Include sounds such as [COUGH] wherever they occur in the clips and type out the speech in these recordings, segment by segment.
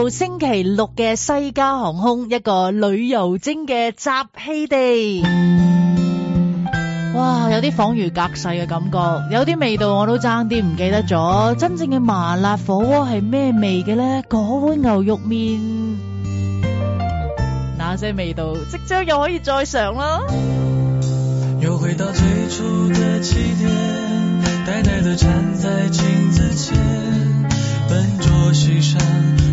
到星期六嘅西加航空一個旅遊精嘅集氣地哇，有啲恍如隔世嘅感覺，有啲味道我都爭啲唔記得咗真正嘅麻辣火鍋係咩味嘅呢？嗰碗牛肉麵那些味道即將又可以再嘗啦，又回到最初的起點，呆呆地站在鏡子前，笨拙西山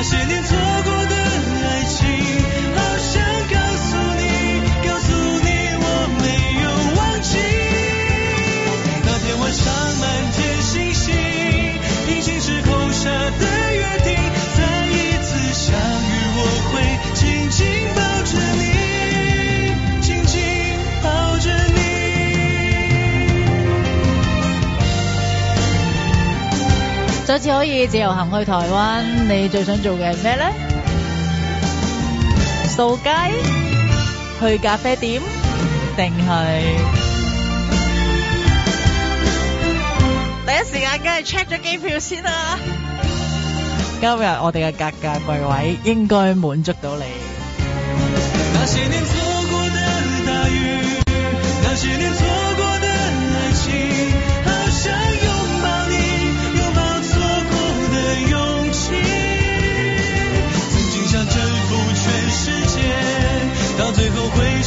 那些年。再次可以自由行去台灣，你最想做嘅係咩咧？掃街？去咖啡店？定係第一時間梗係 check 咗機票先啦。今日我哋嘅價格櫃位應該滿足到你。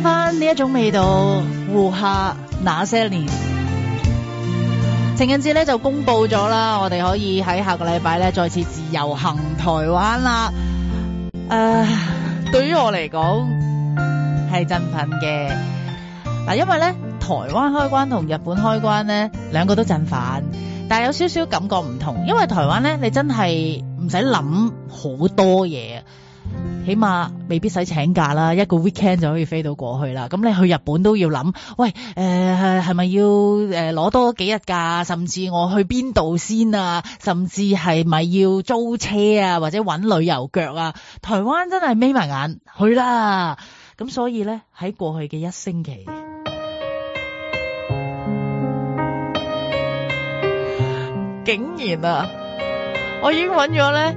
翻呢一種味道，互吓那些年。情人節咧就公布咗啦，我哋可以喺下個禮拜咧再次自由行台灣啦。誒、呃，對於我嚟講係振奮嘅。嗱，因為咧台灣開關同日本開關咧兩個都振奮，但係有少少感覺唔同，因為台灣咧你真係唔使諗好多嘢。起碼未必使請假啦，一個 weekend 就可以飛到過去啦。咁你去日本都要諗，喂，誒係咪要誒攞、呃、多幾日假啊？甚至我去邊度先啊？甚至係咪要租車啊，或者搵旅遊腳啊？台灣真係眯埋眼去啦。咁所以咧喺過去嘅一星期， [MUSIC] 竟然啊，我已經搵咗咧。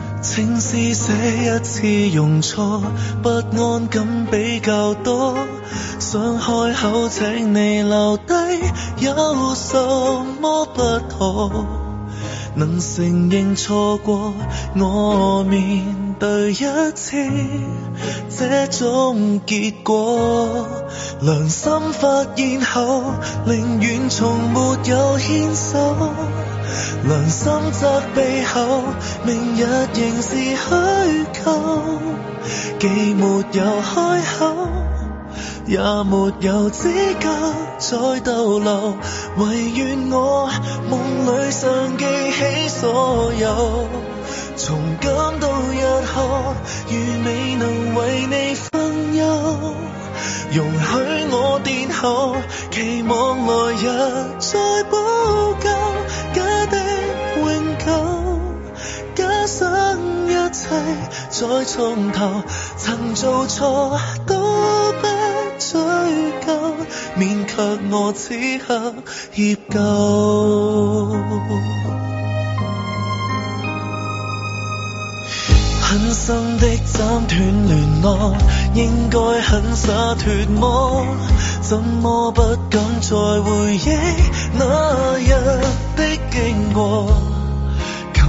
情是寫一次用錯，不安感比較多。想開口請你留低，有什麼不妥？能承認錯過，我面對一次這種結果，良心發現後，寧願從沒有牽手。良心責備後，明日仍是虛構。既沒有開口，也沒有資格再逗留。唯願我夢裏常記起所有，從今到日後，如未能為你分憂，容許我殿後，期望來日再補救。生一切再從頭，曾做錯都不追究，勉強我此刻歉疚。狠心 [MUSIC] 的斬斷聯絡，應該很灑脫麼？怎麼不敢再回憶那日的經過？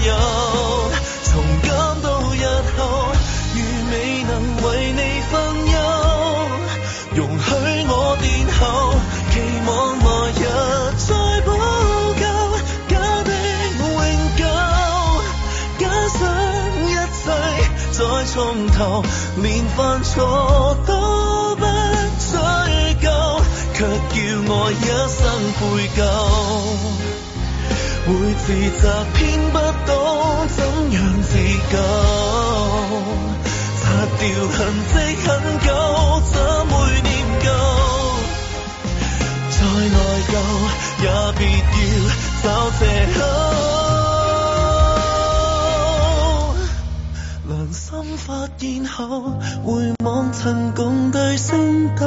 由從今到日後，如未能為你分憂，容許我殿後，期望來日再補救，假的永久，假想一切再從頭，連犯錯都不追究，卻叫我一生悔疚。會自責，偏不懂怎樣自救。擦掉痕迹很久，怎會念舊？再內疚也別要找借口。良心發現後，回望曾共對星斗。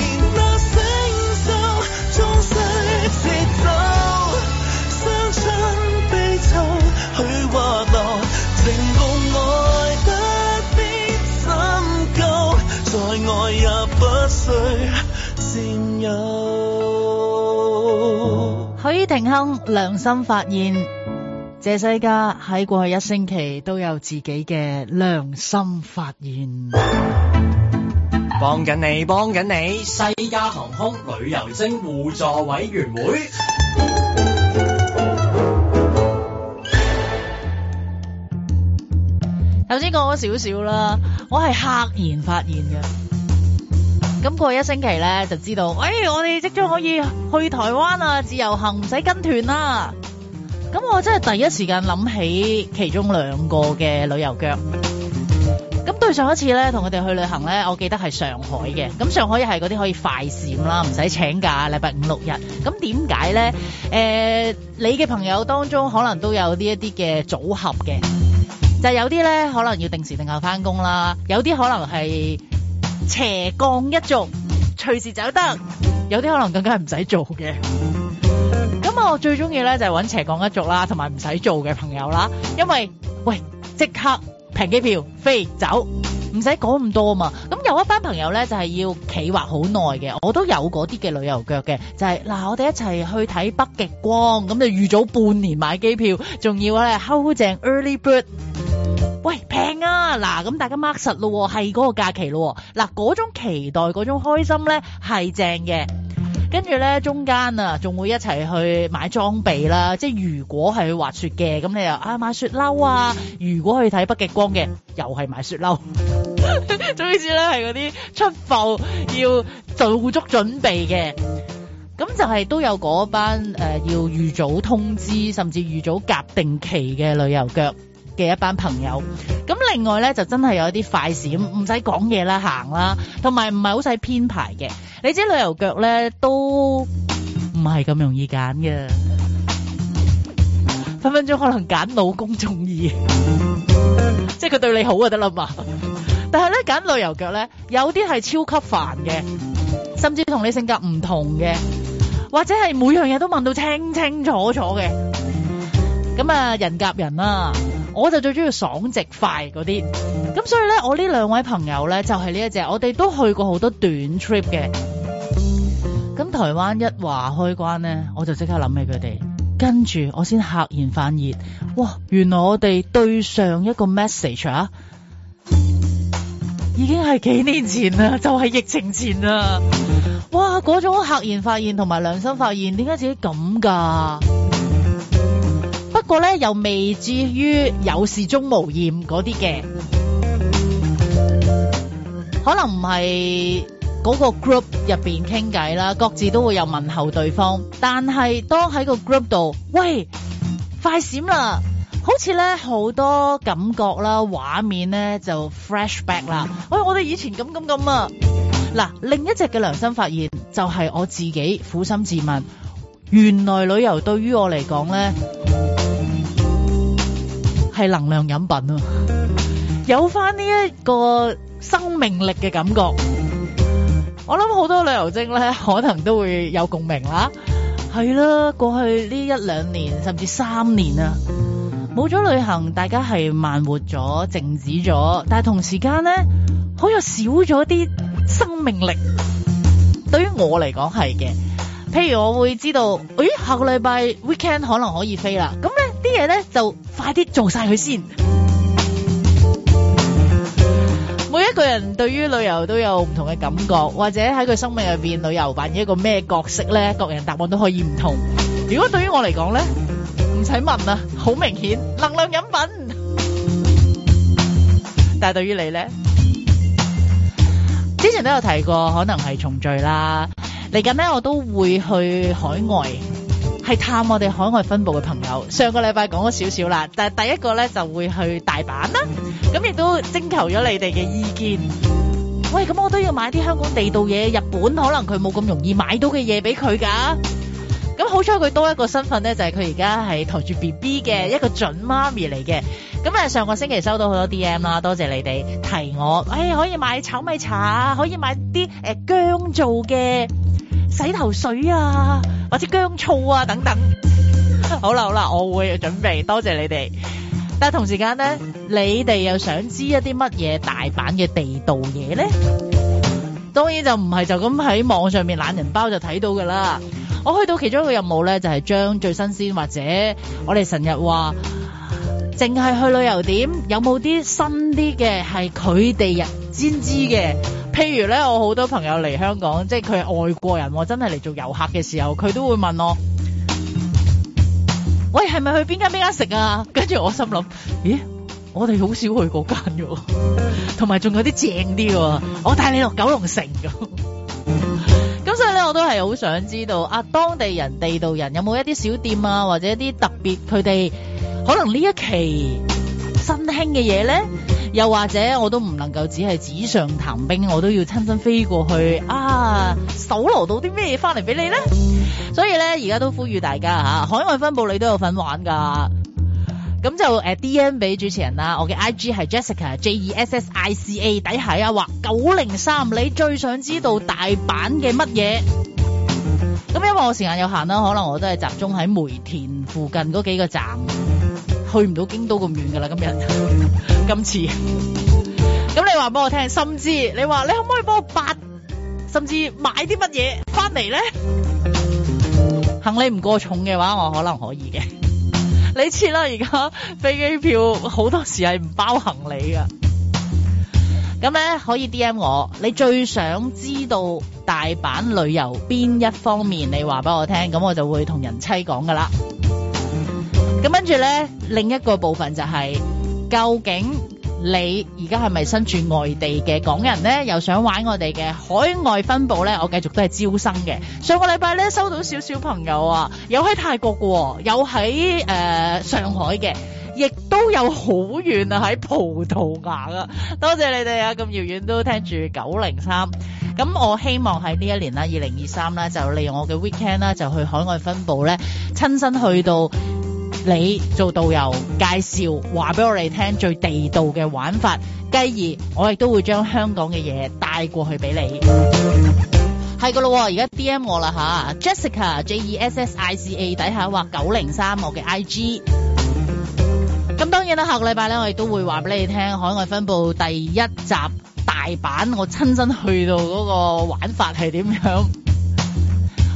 許廷鏗良心發現，謝世佳喺過去一星期都有自己嘅良心發現。幫緊你，幫緊你，西加航空旅遊精互助委員會。頭先講咗少少啦，我係赫然發現嘅。咁過一星期咧，就知道，喂，我哋即將可以去台灣啊，自由行唔使跟團啦、啊。咁我真係第一時間諗起其中兩個嘅旅遊腳。咁對上一次咧，同我哋去旅行咧，我記得係上海嘅。咁上海又係嗰啲可以快閃啦，唔使請假，禮拜五六日。咁點解咧？誒、呃，你嘅朋友當中可能都有呢一啲嘅組合嘅，就係、是、有啲咧可能要定時定候翻工啦，有啲可能係。斜槓一族隨時走得，有啲可能更加係唔使做嘅。咁 [LAUGHS] 我最中意咧就係揾斜槓一族啦，同埋唔使做嘅朋友啦，因為喂即刻平機票飛走，唔使講咁多啊嘛。咁有一班朋友咧就係要企劃好耐嘅，我都有嗰啲嘅旅遊腳嘅，就係嗱我哋一齊去睇北極光，咁就預早半年買機票，仲要咧 hold 正 early bird。喂，平啊！嗱，咁大家 mark 實咯，係嗰個假期咯。嗱，嗰種期待，嗰種開心咧係正嘅。跟住咧，中間啊仲會一齊去買裝備啦。即係如果係去滑雪嘅，咁你又啊買雪褸啊。如果去睇北極光嘅，又係買雪褸。 [LAUGHS] 總之咧係嗰啲出埠要做足準備嘅。咁就係都有嗰班誒、呃、要預早通知，甚至預早夾定期嘅旅遊腳嘅一班朋友，咁另外咧就真係有一啲快閃，唔使講嘢啦，行啦，同埋唔係好使編排嘅。你知旅遊腳咧都唔係咁容易揀嘅，分分鐘可能揀老公仲易，即係佢對你好就得啦嘛。 [LAUGHS] 但係咧揀旅遊腳咧，有啲係超級煩嘅，甚至同你性格唔同嘅，或者係每樣嘢都問到清清楚楚嘅，咁啊人夾人啦，啊。我就最中意爽直快嗰啲，咁所以咧，我呢兩位朋友咧就係、是、呢一隻，我哋都去過好多短 trip 嘅。咁台灣一話開關咧，我就即刻諗起佢哋，跟住我先赫然發現：「哇！原來我哋對上一個 message 啊，已經係幾年前啦，就係、是、疫情前啦」哇，嗰種赫然發現同埋良心發現，點解自己咁噶？不過咧，又未至於有事終無厭嗰啲嘅，可能唔係嗰個 group 入邊傾偈啦，各自都會有問候對方。但係當喺個 group 度，喂，快閃啦！好似咧好多感覺啦，畫面咧就 flashback 啦。哎，我哋以前咁、咁、咁啊。嗱，另一隻嘅良心發現就係、是、我自己苦心自問，原來旅遊對於我嚟講咧。係能量飲品啊，有返呢一個生命力嘅感覺。我諗好多旅遊精咧，可能都會有共鳴啦。係啦，過去呢一兩年甚至三年啊，冇咗旅行，大家係慢活咗、靜止咗，但係同時間咧，好似少咗啲生命力。對於我嚟講係嘅，譬如我會知道，誒、哎，下個禮拜 weekend 可能可以飛啦，咁咧。啲嘢咧就快啲做晒佢先。每一個人對於旅遊都有唔同嘅感覺，或者喺佢生命入邊旅遊扮演一個咩角色咧，各人答案都可以唔同。如果對於我嚟講咧，唔使問啦，好明顯能量飲品。但係對於你咧，之前都有提過，可能係重聚啦。嚟緊咧，我都會去海外。係探我哋海外分部嘅朋友，上個禮拜講咗少少啦。但係第一個咧就會去大阪啦，咁亦都徵求咗你哋嘅意見。喂，咁我都要買啲香港地道嘢，日本可能佢冇咁容易買到嘅嘢俾佢噶。咁好彩佢多一個身份咧，就係佢而家係抬住 B B 嘅一個準媽咪嚟嘅。咁啊，上個星期收到好多 D M 啦，多謝你哋提我。誒、哎，可以買炒米茶，可以買啲誒薑做嘅洗頭水啊。或者薑醋啊等等， [LAUGHS] 好啦好啦，我會準備，多謝你哋。但係同時間咧，你哋又想知一啲乜嘢大阪嘅地道嘢咧？當然就唔係就咁喺網上面懶人包就睇到噶啦。我去到其中一個任務咧，就係、是、將最新鮮或者我哋成日話淨係去旅遊點，有冇啲新啲嘅係佢哋人先知嘅？譬如咧，我好多朋友嚟香港，即係佢係外國人，我真係嚟做遊客嘅時候，佢都會問我，喂，係咪去邊間邊間食啊？跟住我心諗，咦，我哋好少去嗰間喎、啊，同埋仲有啲正啲喎、啊。我帶你落九龍城嘅、啊。咁 [LAUGHS] 所以咧，我都係好想知道啊，當地人地道人有冇一啲小店啊，或者一啲特別，佢哋可能呢一期新興嘅嘢咧？又或者我都唔能夠只係紙上談兵，我都要親身飛過去啊，搜羅到啲咩嘢翻嚟俾你咧。所以咧，而家都呼籲大家、啊、海外分佈你都有份玩㗎。咁、啊、就 DM 俾主持人啦，我嘅 I G 係 Jessica J E S S I C A，底下啊話九零三，903，你最想知道大阪嘅乜嘢？咁因為我時間有限啦，可能我都係集中喺梅田附近嗰幾個站。去唔到京都咁遠噶啦，今日今次。咁 [LAUGHS] 你話俾我聽，甚至你話你可唔可以幫我八，甚至買啲乜嘢翻嚟咧？呢 [LAUGHS] 行李唔過重嘅話，我可能可以嘅。 [LAUGHS] 你切啦，而家飛機票好多時係唔包行李噶。咁咧可以 D M 我，你最想知道大阪旅遊邊一方面，你話俾我聽，咁我就會同人妻講噶啦。咁跟住呢，另一個部分就係、是、究竟你而家係咪身處外地嘅港人呢？又想玩我哋嘅海外分部呢？我繼續都係招生嘅。上個禮拜呢，收到少少朋友啊，有喺泰國嘅、哦，有喺誒上海嘅，亦都有好遠啊喺葡萄牙啊！多謝你哋啊，咁遙遠都聽住九零三。咁我希望喺呢一年啦，二零二三啦，就利用我嘅 weekend 啦，就去海外分部呢，親身去到。你做導遊介紹，話俾我哋聽最地道嘅玩法，繼而我亦都會將香港嘅嘢帶過去俾你。係噶咯，而、嗯、家 DM 我啦吓 Jessica J E S S I C A 底下話九零三我嘅 IG。咁當然啦，下個禮拜咧，我亦都會話俾你聽海外分佈第一集大阪，我親身去到嗰個玩法係點樣。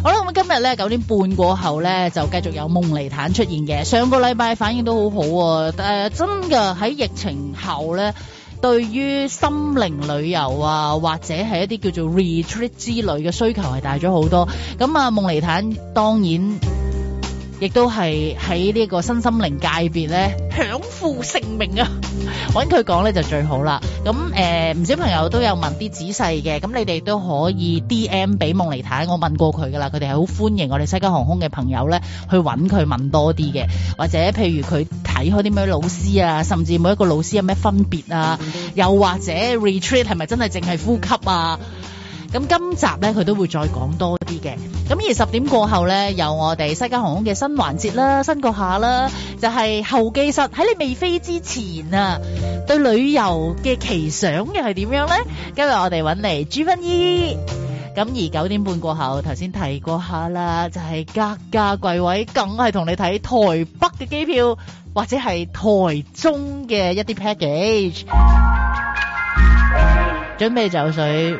好啦，我哋今日咧九點半過後咧就繼續有夢尼坦出現嘅。上個禮拜反應都好好啊，誒真嘅喺疫情後咧，對於心靈旅遊啊或者係一啲叫做 retreat 之旅嘅需求係大咗好多，咁啊夢尼坦當然。亦都係喺呢個身心靈界別咧，享負盛名啊！揾佢講咧就最好啦。咁誒，唔少朋友都有問啲仔細嘅，咁你哋都可以 D M 俾夢尼睇。我問過佢噶啦，佢哋係好歡迎我哋西加航空嘅朋友咧，去揾佢問多啲嘅。或者譬如佢睇開啲咩老師啊，甚至每一個老師有咩分別啊？又或者 retreat 係咪真係淨係呼吸啊？.咁今集咧，佢都會再講多啲嘅。咁而十點過後咧，有我哋西加航空嘅新環節啦，新個下啦，就係候機室，喺你未飛之前啊，對旅遊嘅奇想又係點樣咧？今日我哋揾嚟朱芬姨。咁而九點半過後，頭先提過下啦，就係格價櫃位，梗係同你睇台北嘅機票，或者係台中嘅一啲 package，準備走水。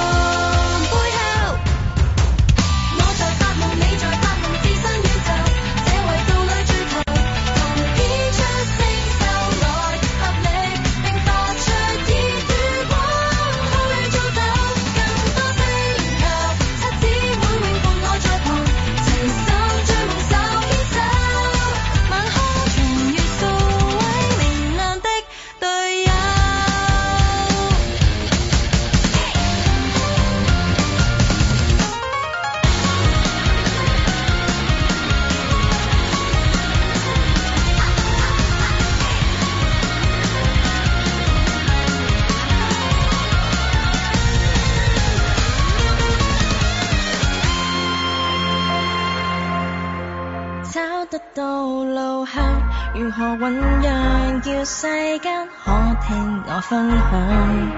醞釀叫世間可聽我分享。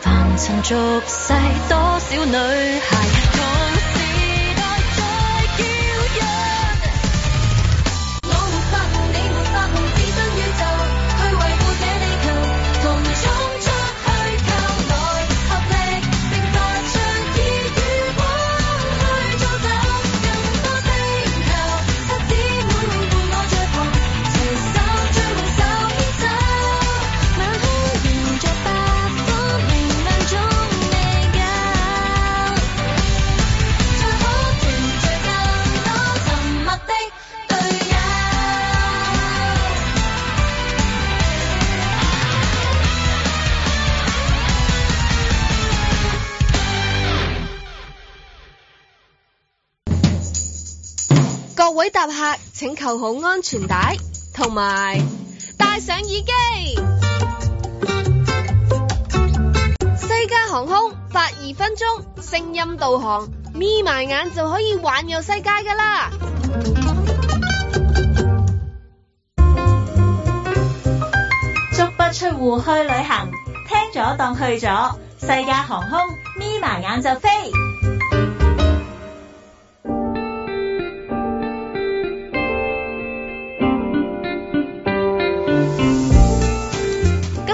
凡塵俗世，多少女孩？搭客請扣好安全帶，同埋戴上耳機。西加航空八二分鐘聲音導航，眯埋眼就可以環遊世界噶啦！足不出戶去旅行，聽咗當去咗。西加航空眯埋眼就飛。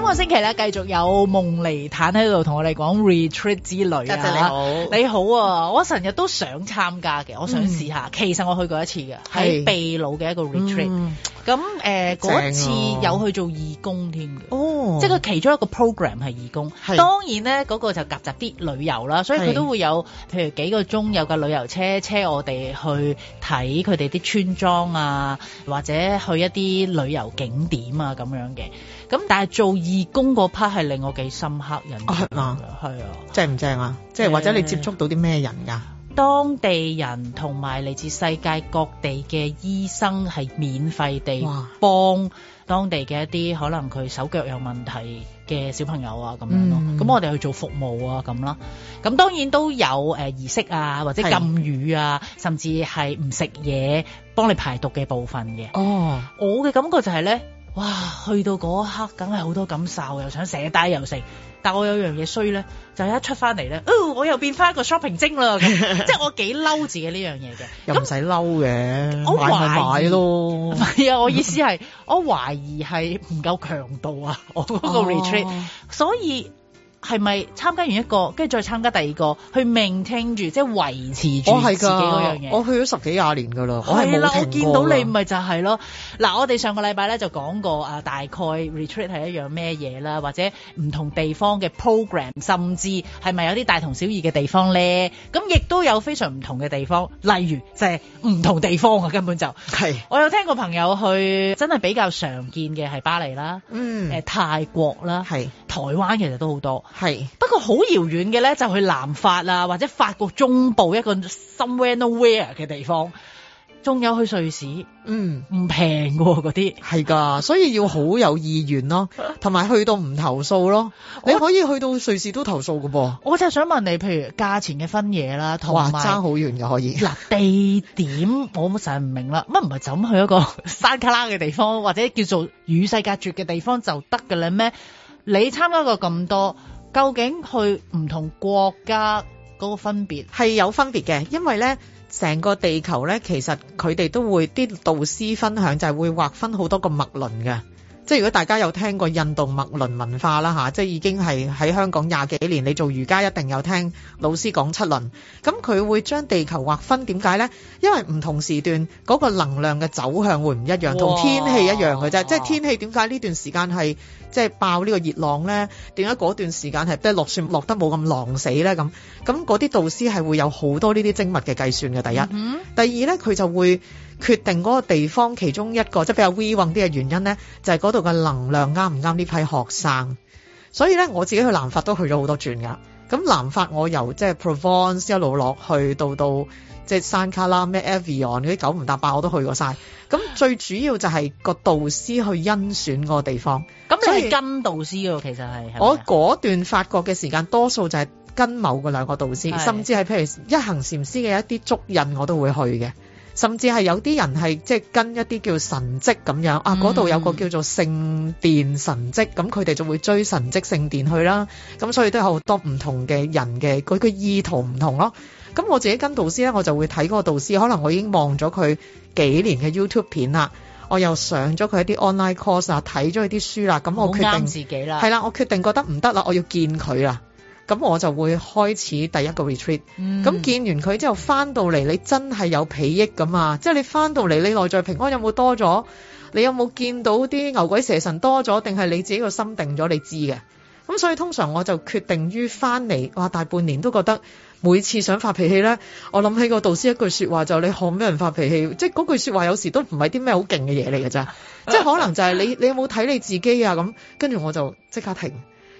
呢個星期咧，繼續有夢尼坦喺度同我哋講 retreat 之旅、啊、謝謝你好，你好、啊，我成日都想參加嘅、嗯，我想試下。其實我去過一次嘅，係秘魯嘅一個 retreat、嗯。咁、嗯、嗰、嗯、次有去做義工添嘅、啊，即係佢其中一個 program 係義工。哦、當然咧，嗰、嗰個就夾雜啲旅遊啦，所以佢都會有，譬如幾個鐘有個旅遊車車我哋去睇佢哋啲村莊啊，或者去一啲旅遊景點啊咁樣嘅。咁但係做義工嗰 part 係令我幾深刻。人係啊，正唔正啊？即係或者你接觸到啲咩人噶？當地人同埋嚟自世界各地嘅醫生係免費地幫當地嘅一啲可能佢手腳有問題嘅小朋友啊咁樣咯。咁我哋去做服務啊咁啦。咁當然都有誒儀式啊，或者禁語啊，甚至係唔食嘢幫你排毒嘅部分嘅。哦，我嘅感覺就係咧。哇！去到嗰一刻，梗係好多感受，又想寫低又成。但我有樣嘢衰咧，就一出翻嚟咧，哦，我又變翻一個 shopping 精啦。 [LAUGHS] 即係我幾嬲自己呢樣嘢嘅。又唔使嬲嘅，我懷買咪買咯。係啊，我意思係， [LAUGHS] 我懷疑係唔夠強度啊。我嗰個 retreat，啊，所以。係咪參加完一個，跟住再參加第二個，去 maintain 住，即係維持住自己嗰、哦、樣嘢？我去咗十幾廿年噶、就是、啦，我係冇聽過。見到你咪就係咯。嗱，我哋上個禮拜咧就講過啊，大概 retreat 係一樣咩嘢啦，或者唔同地方嘅 program，甚至係咪有啲大同小異嘅地方咧？咁亦都有非常唔同嘅地方，例如就係、是、唔同地方啊，根本就係。我有聽過朋友去，真係比較常見嘅係巴黎啦，嗯，誒、呃、泰國啦，係。台灣其實都好多，係不過好遙遠嘅咧，就去南法啦、啊，或者法國中部一個 somewhere nowhere 嘅地方，仲有去瑞士，嗯，唔平嘅嗰啲係㗎，所以要好有意願咯，同 [LAUGHS] 埋去到唔投訴咯。你可以去到瑞士都投訴㗎噃。我就想問你，譬如價錢嘅分野啦，同埋爭好遠嘅可以嗱 [LAUGHS] 地點，我實唔明啦，乜唔係就咁去一個山卡拉嘅地方，或者叫做與世隔絕嘅地方就得㗎啦咩？你參加過咁多，究竟去唔同國家嗰個分別係有分別嘅，因為咧成個地球咧，其實佢哋都會啲導師分享就係會劃分好多個脈輪嘅。即係如果大家有聽過印度脈輪文化啦吓，即係已經係喺香港廿幾年，你做瑜伽一定有聽老師講七輪。咁佢會將地球劃分，點解呢？因為唔同時段嗰個能量嘅走向會唔一樣，同天氣一樣嘅啫。即係天氣點解呢段時間係即係爆呢個熱浪呢？點解嗰段時間係即係落雪落得冇咁狼死呢？咁咁嗰啲導師係會有好多呢啲精密嘅計算嘅。第一，嗯。第二呢，佢就會。決定嗰個地方其中一個即係比較 v i 啲嘅原因咧，就係嗰度嘅能量啱唔啱呢批學生。所以咧，我自己去南法都去咗好多轉噶。咁南法我由即係 Provence 一路落去到到即係山卡拉咩 Avion 嗰啲九唔搭八我都去過晒。咁 [LAUGHS] 最主要就係個導師去甄選個地方。咁你去跟導師喎，其實係。我嗰段法國嘅時間，多數就係跟某個兩個導師，甚至係譬如一行禪師嘅一啲足印，我都會去嘅。甚至係有啲人係即係跟一啲叫神蹟咁樣、嗯、啊，嗰度有個叫做聖殿神蹟，咁佢哋就會追神蹟聖殿去啦。咁所以都有好多唔同嘅人嘅佢嘅意圖唔同咯。咁我自己跟導師咧，我就會睇嗰個導師，可能我已經望咗佢幾年嘅 YouTube 片啦，我又上咗佢一啲 online course 啊，睇咗佢啲書啦，咁我決定自己啦，係啦，我決定覺得唔得啦，我要見佢啦。咁我就會開始第一個 retreat、嗯。咁見完佢之後，翻到嚟你真係有裨益㗎嘛？即係你翻到嚟你內在平安有冇多咗？你有冇見到啲牛鬼蛇神多咗？定係你自己個心定咗？你知嘅。咁所以通常我就決定於翻嚟。哇！大半年都覺得每次想發脾氣咧，我諗起個導師一句說話就你學咩人發脾氣？即係嗰句說話有時都唔係啲咩好勁嘅嘢嚟㗎咋。 [LAUGHS] 即係可能就係你你有冇睇你自己啊？咁跟住我就即刻停。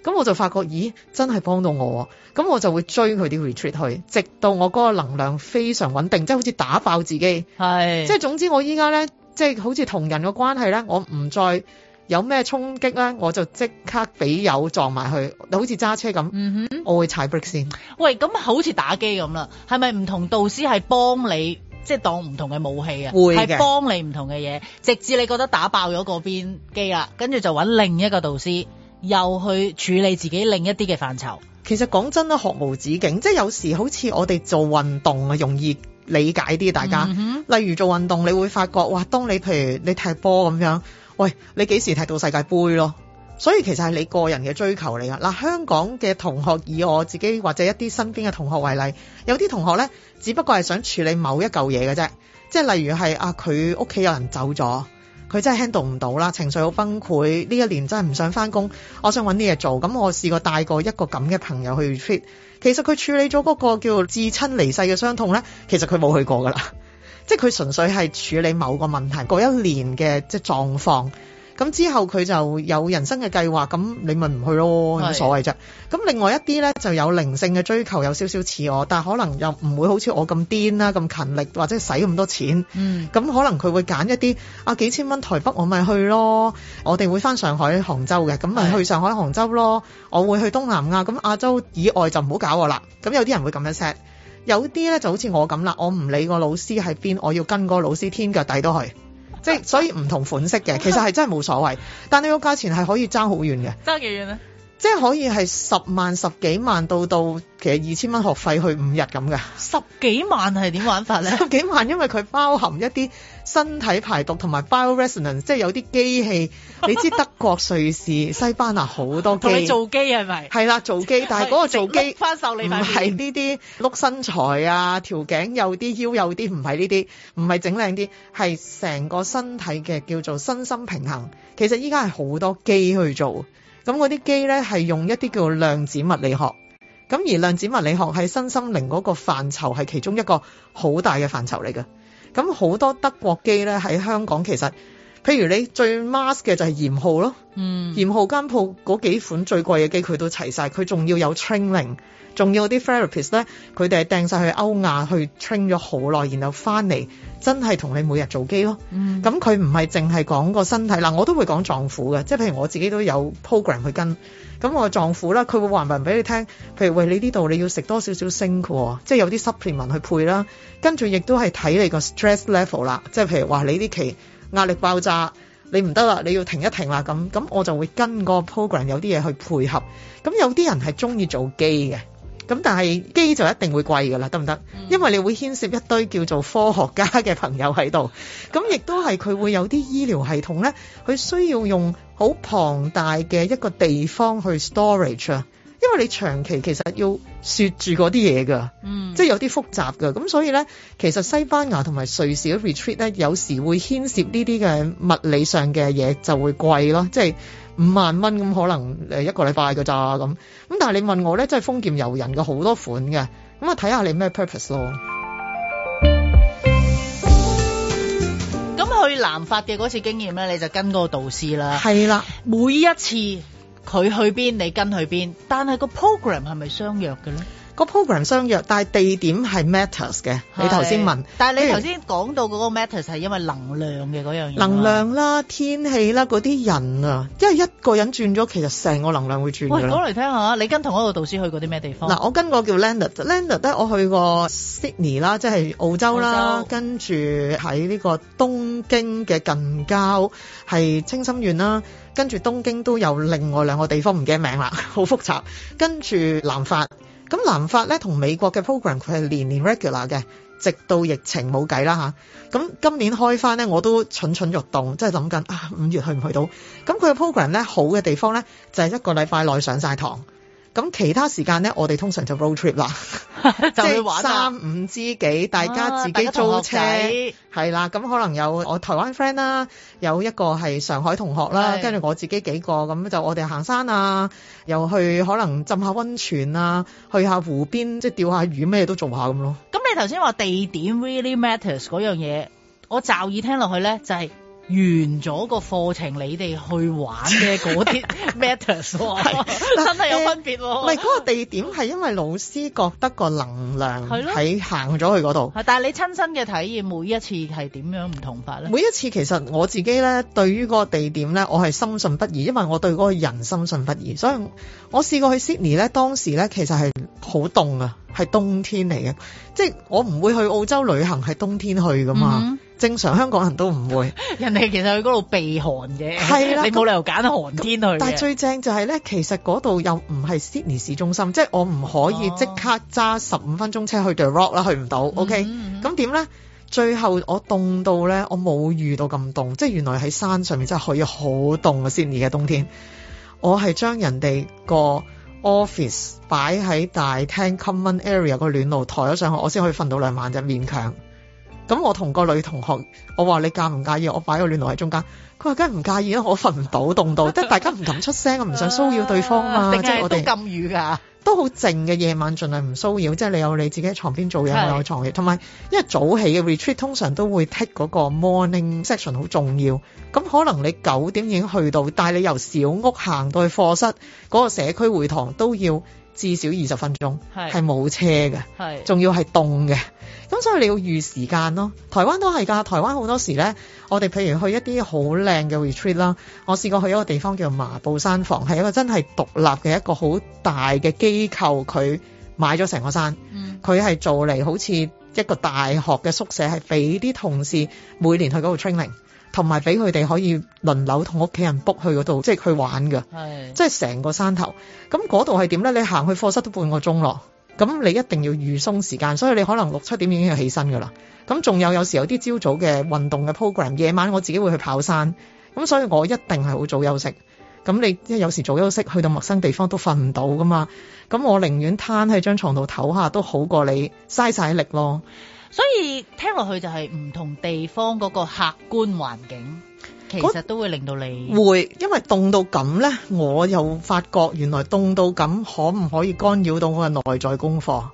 咁我就發覺，咦，真係幫到我，咁我就會追佢啲 retreat 去，直到我嗰個能量非常穩定，即係好似打爆自己，係，即係總之我依家咧，即係好似同人嘅關係咧，我唔再有咩衝擊咧，我就即刻俾油撞埋去，好似揸車咁，嗯哼，我會踩 brake 先。喂,咁好似打機咁啦，係咪唔同導師係幫你即係當唔同嘅武器啊？會係幫你唔同嘅嘢，直至你覺得打爆咗嗰邊機啦，跟住就搵另一個導師。又去處理自己另一啲嘅範疇。其實講真啦，學無止境，即係有時好似我哋做運動啊，容易理解啲。大家、嗯，例如做運動，你會發覺哇，當你譬如你踢波咁樣，喂，你幾時踢到世界盃咯？所以其實係你個人嘅追求嚟㗎。嗱，香港嘅同學以我自己或者一啲身邊嘅同學為例，有啲同學呢，只不過係想處理某一嚿嘢嘅啫，即係例如係啊，佢屋企有人走咗。佢真係 handle 唔到啦，情緒好崩潰，呢一年真係唔想返工，我想搵啲嘢做。咁我試過帶過一個咁嘅朋友去 fit，其實佢處理咗嗰個叫至親離世嘅傷痛呢，其實佢冇去過㗎啦，即係佢純粹係處理某個問題嗰一年嘅即係狀況。咁之後佢就有人生嘅計劃，咁你咪唔去咯，有所謂啫？咁另外一啲呢，就有靈性嘅追求，有少少似我，但係可能又唔會好似我咁癲啦，咁勤力或者使咁多錢。嗯，咁可能佢會揀一啲啊幾千蚊台北我咪去咯，我哋會返上海杭州嘅，咁咪去上海杭州咯。我會去東南亞，咁亞洲以外就唔好搞我啦。咁有啲人會咁樣 set，有啲呢就好似我咁啦，我唔理個老師喺邊，我要跟個老師天腳底都去。 [LAUGHS] 即所以唔同款式嘅，其實係真係冇所謂，但呢個價錢係可以爭好遠嘅。爭幾遠咧？即係可以係十萬、十幾萬到到，其實二千蚊學費去五日咁㗎。十幾萬係點玩法咧？十幾萬，因為佢包含一啲身體排毒同埋 Bioresonance， [LAUGHS] 即係有啲機器。你知德國、 [LAUGHS] 瑞士、西班牙好多機。同你做機係咪？係啦，做機，但係嗰個做機翻瘦你唔係呢啲，碌身材啊、條頸有啲、腰有啲，唔係呢啲，唔係整靚啲，係成個身體嘅叫做身心平衡。其實依家係好多機去做。咁嗰啲機咧係用一啲叫做量子物理學，咁而量子物理學係身心靈嗰個範疇係其中一個好大嘅範疇嚟嘅，咁好多德國機咧喺香港其實。譬如你最 mask 嘅就係鹽號咯，鹽、嗯、號間鋪嗰幾款最貴嘅機，佢都齊晒，佢仲要有 training，仲要嗰啲 therapist 呢，咧，佢哋係掟晒去歐亞去 train 咗好耐，然後翻嚟真係同你每日做機咯。咁佢唔係淨係講個身體啦，我都會講臟腑嘅，即係譬如我自己都有 program 去跟咁我嘅臟腑啦。佢會話埋俾你聽，譬如喂你呢度你要食多少少鋅喎，即係有啲 supplement 去配啦。跟住亦都係睇你個 stress level 啦，即係譬如話你呢期，壓力爆炸，你唔得啦，你要停一停啦，咁咁我就會跟個 program 有啲嘢去配合。咁有啲人係鍾意做機嘅，咁但係機就一定會貴㗎啦，得唔得？因為你會牽涉一堆叫做科學家嘅朋友喺度，咁亦都係佢會有啲醫療系統呢，佢需要用好龐大嘅一個地方去 storage 啊。因為你長期其實要說住嗰啲嘢噶，嗯，即係有啲複雜噶，咁所以咧，其實西班牙同埋瑞士嘅 retreat 咧，有時會牽涉呢啲嘅物理上嘅嘢，就會貴咯，即係五萬蚊咁可能誒一個禮拜噶咋咁，咁但係你問我咧，即係豐儉由人嘅好多款嘅，咁啊睇下你咩 purpose 咯。咁去南法嘅嗰次經驗咧，你就跟嗰個導師啦，係啦，每一次。佢去邊，你跟去邊，但係個 program 係咪相若嘅咧？個 program 相約，但係地點係 Matters 嘅。你頭先問，但係你頭先講到嗰個 Matters 係因為能量嘅嗰樣嘢，能量啦、天氣啦嗰啲人啊，因為一個人轉咗，其實成個能量會轉嘅。講嚟聽下，你跟同一個導師去過啲咩地方？嗱，我跟過叫 Lander Lander 呢，我去過 Sydney 啦，即係澳洲啦，洲跟住喺呢個東京嘅近郊係清心院啦，跟住東京都有另外兩個地方唔記得名啦，好複雜。跟住南法。咁南法咧同美國嘅 program 佢係年年 regular 嘅，直到疫情冇計啦吓。咁今年開翻咧，我都蠢蠢欲動，即係諗緊啊五月去唔去到？咁佢嘅 program 咧，好嘅地方咧就係一個禮拜內上晒堂。咁其他時間咧，我哋通常就 road trip 啦，即係玩三五知己，之幾 [LAUGHS] 大家自己租車係、啊、啦。咁可能有我台灣 friend 啦，有一個係上海同學啦，跟住我自己幾個咁就我哋行山啊，又去可能浸下溫泉啊，去下湖邊即係、就是、釣下魚，咩都做下咁咯。咁你頭先話地點 really matters 嗰樣嘢，我驟耳聽落去咧就係。完咗個課程，你哋去玩嘅嗰啲 matters 係 [LAUGHS] 真係有分別。唔係嗰個地點係因為老師覺得個能量係咯，喺行咗去嗰度。係，但係你親身嘅體驗，每一次係點樣唔同法咧？每一次其實我自己咧，對於嗰個地點咧，我係深信不疑，因為我對嗰個人深信不疑。所以我試過去 Sydney 咧，當時咧其實係好凍啊，係冬天嚟嘅，即係我唔會去澳洲旅行係冬天去噶嘛。嗯。正常香港人都唔會，人哋其實去嗰度避寒嘅，係啦，你冇理由揀寒天去。但係最正就係咧，其實嗰度又唔係 Sydney 市中心，即係我唔可以即刻揸十五分鐘車去 The Rock 啦、啊，去唔到。OK，咁點咧？最後我凍到咧，我冇遇到咁凍，即係原來喺山上面真係可以好凍嘅 Sydney 嘅冬天。我係將人哋個 office 擺喺大廳、嗯、common area 個暖爐抬咗上去，我先可以瞓到兩晚啫，勉強。咁我同個女同學，我話你介唔介意？我擺個暖爐喺中間，佢話梗係唔介意啊！我瞓唔到，凍到，即係大家唔敢出聲，我 [LAUGHS] 唔想騷擾對方啊嘛。即、啊、係我哋禁語㗎。都好靜嘅夜晚，盡量唔騷擾。即係你有你自己喺床邊做嘢，我有床嘅。同埋因為早起嘅 retreat 通常都會 tick 嗰個 morning session 好重要。咁可能你九點已經去到，但係你由小屋行到去課室嗰、那個社區會堂都要，至少二十分鐘，係冇車嘅，係仲要係凍嘅，咁所以你要預時間咯。台灣都係㗎，台灣好多時咧，我哋譬如去一啲好靚嘅 retreat 啦，我試過去一個地方叫麻布山房，係一個真係獨立嘅一個好大嘅機構，佢買咗成個山，佢、嗯、係做嚟好似一個大學嘅宿舍，係俾啲同事每年去嗰度 training。同埋俾佢哋可以輪流同屋企人 book 去嗰度，就是，即係去玩噶。係，即係成個山頭。咁嗰度係點咧？你行去課室都半個鐘咯。咁你一定要預鬆時間，所以你可能六七點已經要起身噶啦。咁仲有有時有啲朝早嘅運動嘅 program，夜晚我自己會去跑山。咁所以我一定係好早休息。咁你即係有時早休息，去到陌生地方都瞓唔到噶嘛。咁我寧願攤喺張床度唞下，都好過你嘥晒力咯。所以聽落去就係唔同地方嗰個客觀環境，其實都會令到你會，因為凍到咁呢，我又發覺原來凍到咁可唔可以干擾到我嘅內在功課？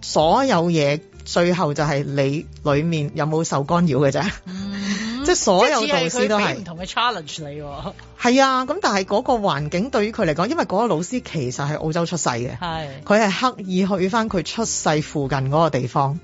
所有嘢最後就係你裏面有冇受干擾嘅啫，嗯、 [LAUGHS] 即係所有導師都係唔同嘅 challenge 你。係 [LAUGHS] 啊，咁但係嗰個環境對於佢嚟講，因為嗰個老師其實係澳洲出世嘅，係佢係刻意去翻佢出世附近嗰個地方。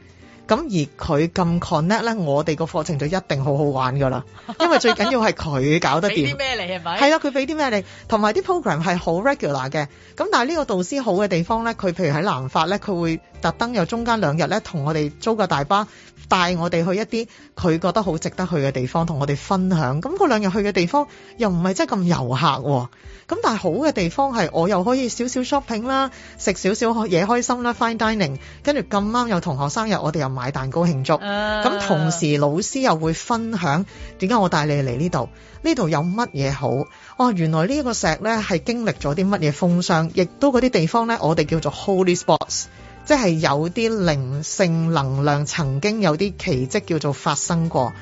咁而佢咁 connect 咧，我哋個課程就一定好好玩㗎啦。 [LAUGHS] 因為最緊要係佢搞得掂。俾啲咩你係咪？係啦，佢俾啲咩你，同埋啲 program 係好 regular 嘅。咁但係呢個導師好嘅地方咧，佢譬如喺南法咧，佢會特登又中間兩日咧，同我哋租個大巴帶我哋去一啲佢覺得好值得去嘅地方，同我哋分享。咁嗰兩日去嘅地方又唔係真係咁遊客，啊。咁但係好嘅地方係我又可以少少 shopping 啦，食少少嘢開心啦，fine dining。跟住咁啱有同學生日，我哋又買蛋糕慶祝。咁、uh... 同時老師又會分享點解我帶你嚟呢度？呢度有乜嘢好哦，原來呢個石呢係經歷咗啲乜嘢風霜，亦都嗰啲地方呢，我哋叫做 holy spots。即係有啲靈性能量，曾經有啲奇蹟叫做發生過。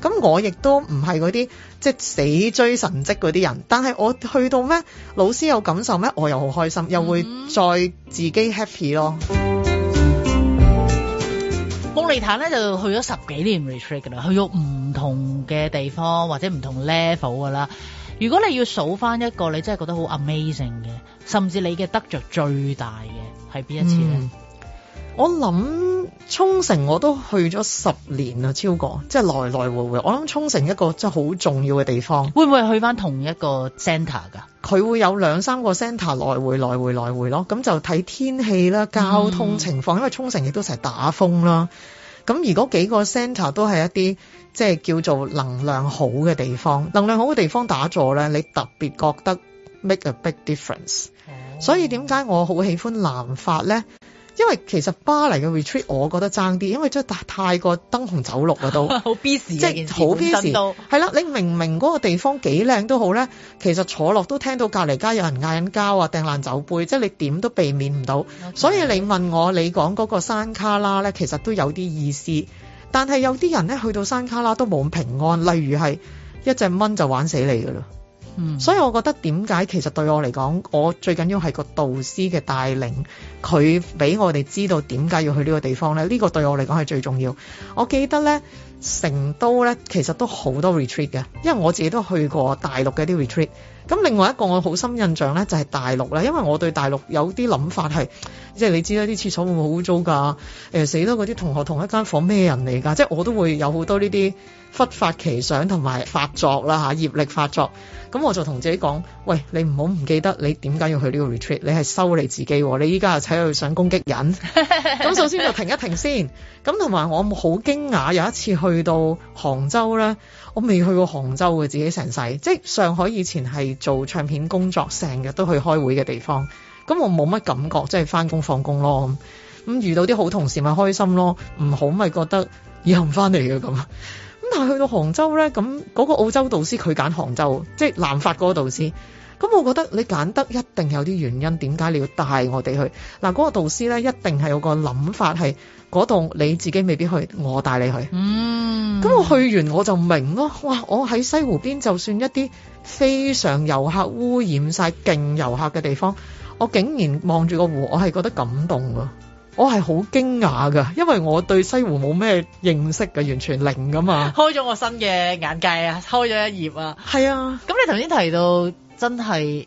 咁我亦都唔係嗰啲即係死追神蹟嗰啲人，但係我去到咩？老師有感受咩？我又好開心，又會再自己 happy 咯。蒙、嗯、利坦咧就去咗十幾年 retreat 噶啦，去咗唔同嘅地方或者唔同 level 噶啦。如果你要數翻一個你真係覺得好 amazing 嘅，甚至你嘅得着最大嘅係邊一次咧？嗯我諗沖繩我都去咗十年啦，超過，即係來來回回。我諗沖繩一個真係好重要嘅地方，會唔會去翻同一個 centre 㗎？佢會有兩三個 centre 來來回來回來回咯，咁就睇天氣啦、交通情況、嗯，因為沖繩亦都成日打風啦。咁如果幾個 centre 都係一啲即係叫做能量好嘅地方，能量好嘅地方打坐呢，你特別覺得 make a big difference，哦。所以點解我好喜歡南法呢？因為其實巴黎嘅 retreat，我覺得爭啲，因為真係太過燈紅酒綠啦，都好 busy，即係好 busy，係啦、啊。你明唔明嗰個地方幾靚都好咧，其實坐落都聽到隔離街有人嗌緊交啊，掟爛酒杯，即係你點都避免唔到。Okay. 所以你問我，你講嗰個山卡拉咧，其實都有啲意思，但係有啲人咧去到山卡拉都冇咁平安，例如係一隻蚊就玩死你噶啦。 [NOISE] 所以我覺得點解其實對我嚟講，我最緊要係個導師嘅帶領，佢俾我哋知道點解要去呢個地方咧。呢個對我嚟講係最重要。我記得咧，成都咧其實都好多 retreat 嘅，因為我自己都去過大陸嘅啲 retreat。咁另外一個我好深印象咧就係大陸啦，因為我對大陸有啲諗法係，即係你知啦，啲廁所會唔會好污糟㗎？誒死多嗰啲同學同一間房咩人嚟㗎？即係我都會有好多呢啲。忽發奇想同埋發作啦吓，業力發作咁，我就同自己講：喂，你唔好唔記得你點解要去呢個 retreat？你係收你自己，你依家又扯去想攻擊人咁， [LAUGHS] 首先就停一停先。咁同埋我好驚訝，有一次去到杭州咧，我未去過杭州嘅自己成世，即係上海以前係做唱片工作，成日都去開會嘅地方。咁我冇乜感覺，即係翻工放工咯。咁遇到啲好同事咪開心咯，唔好咪覺得以後唔翻嚟嘅咁。咁但係去到杭州呢，咁嗰個澳洲導師佢揀杭州，即係南法嗰個導師。咁我覺得你揀得一定有啲原因，點解你要帶我哋去？嗱，嗰個導師呢，一定係有個諗法，係嗰度你自己未必去，我帶你去。嗯。咁我去完我就明咯，哇！我喺西湖邊，就算一啲非常遊客污染晒、勁遊客嘅地方，我竟然望住個湖，我係覺得感動噶。我係好驚訝噶，因為我對西湖冇咩認識噶，完全零噶嘛。開咗我新嘅眼界，開咗一頁啊。係啊，咁你頭先提到真係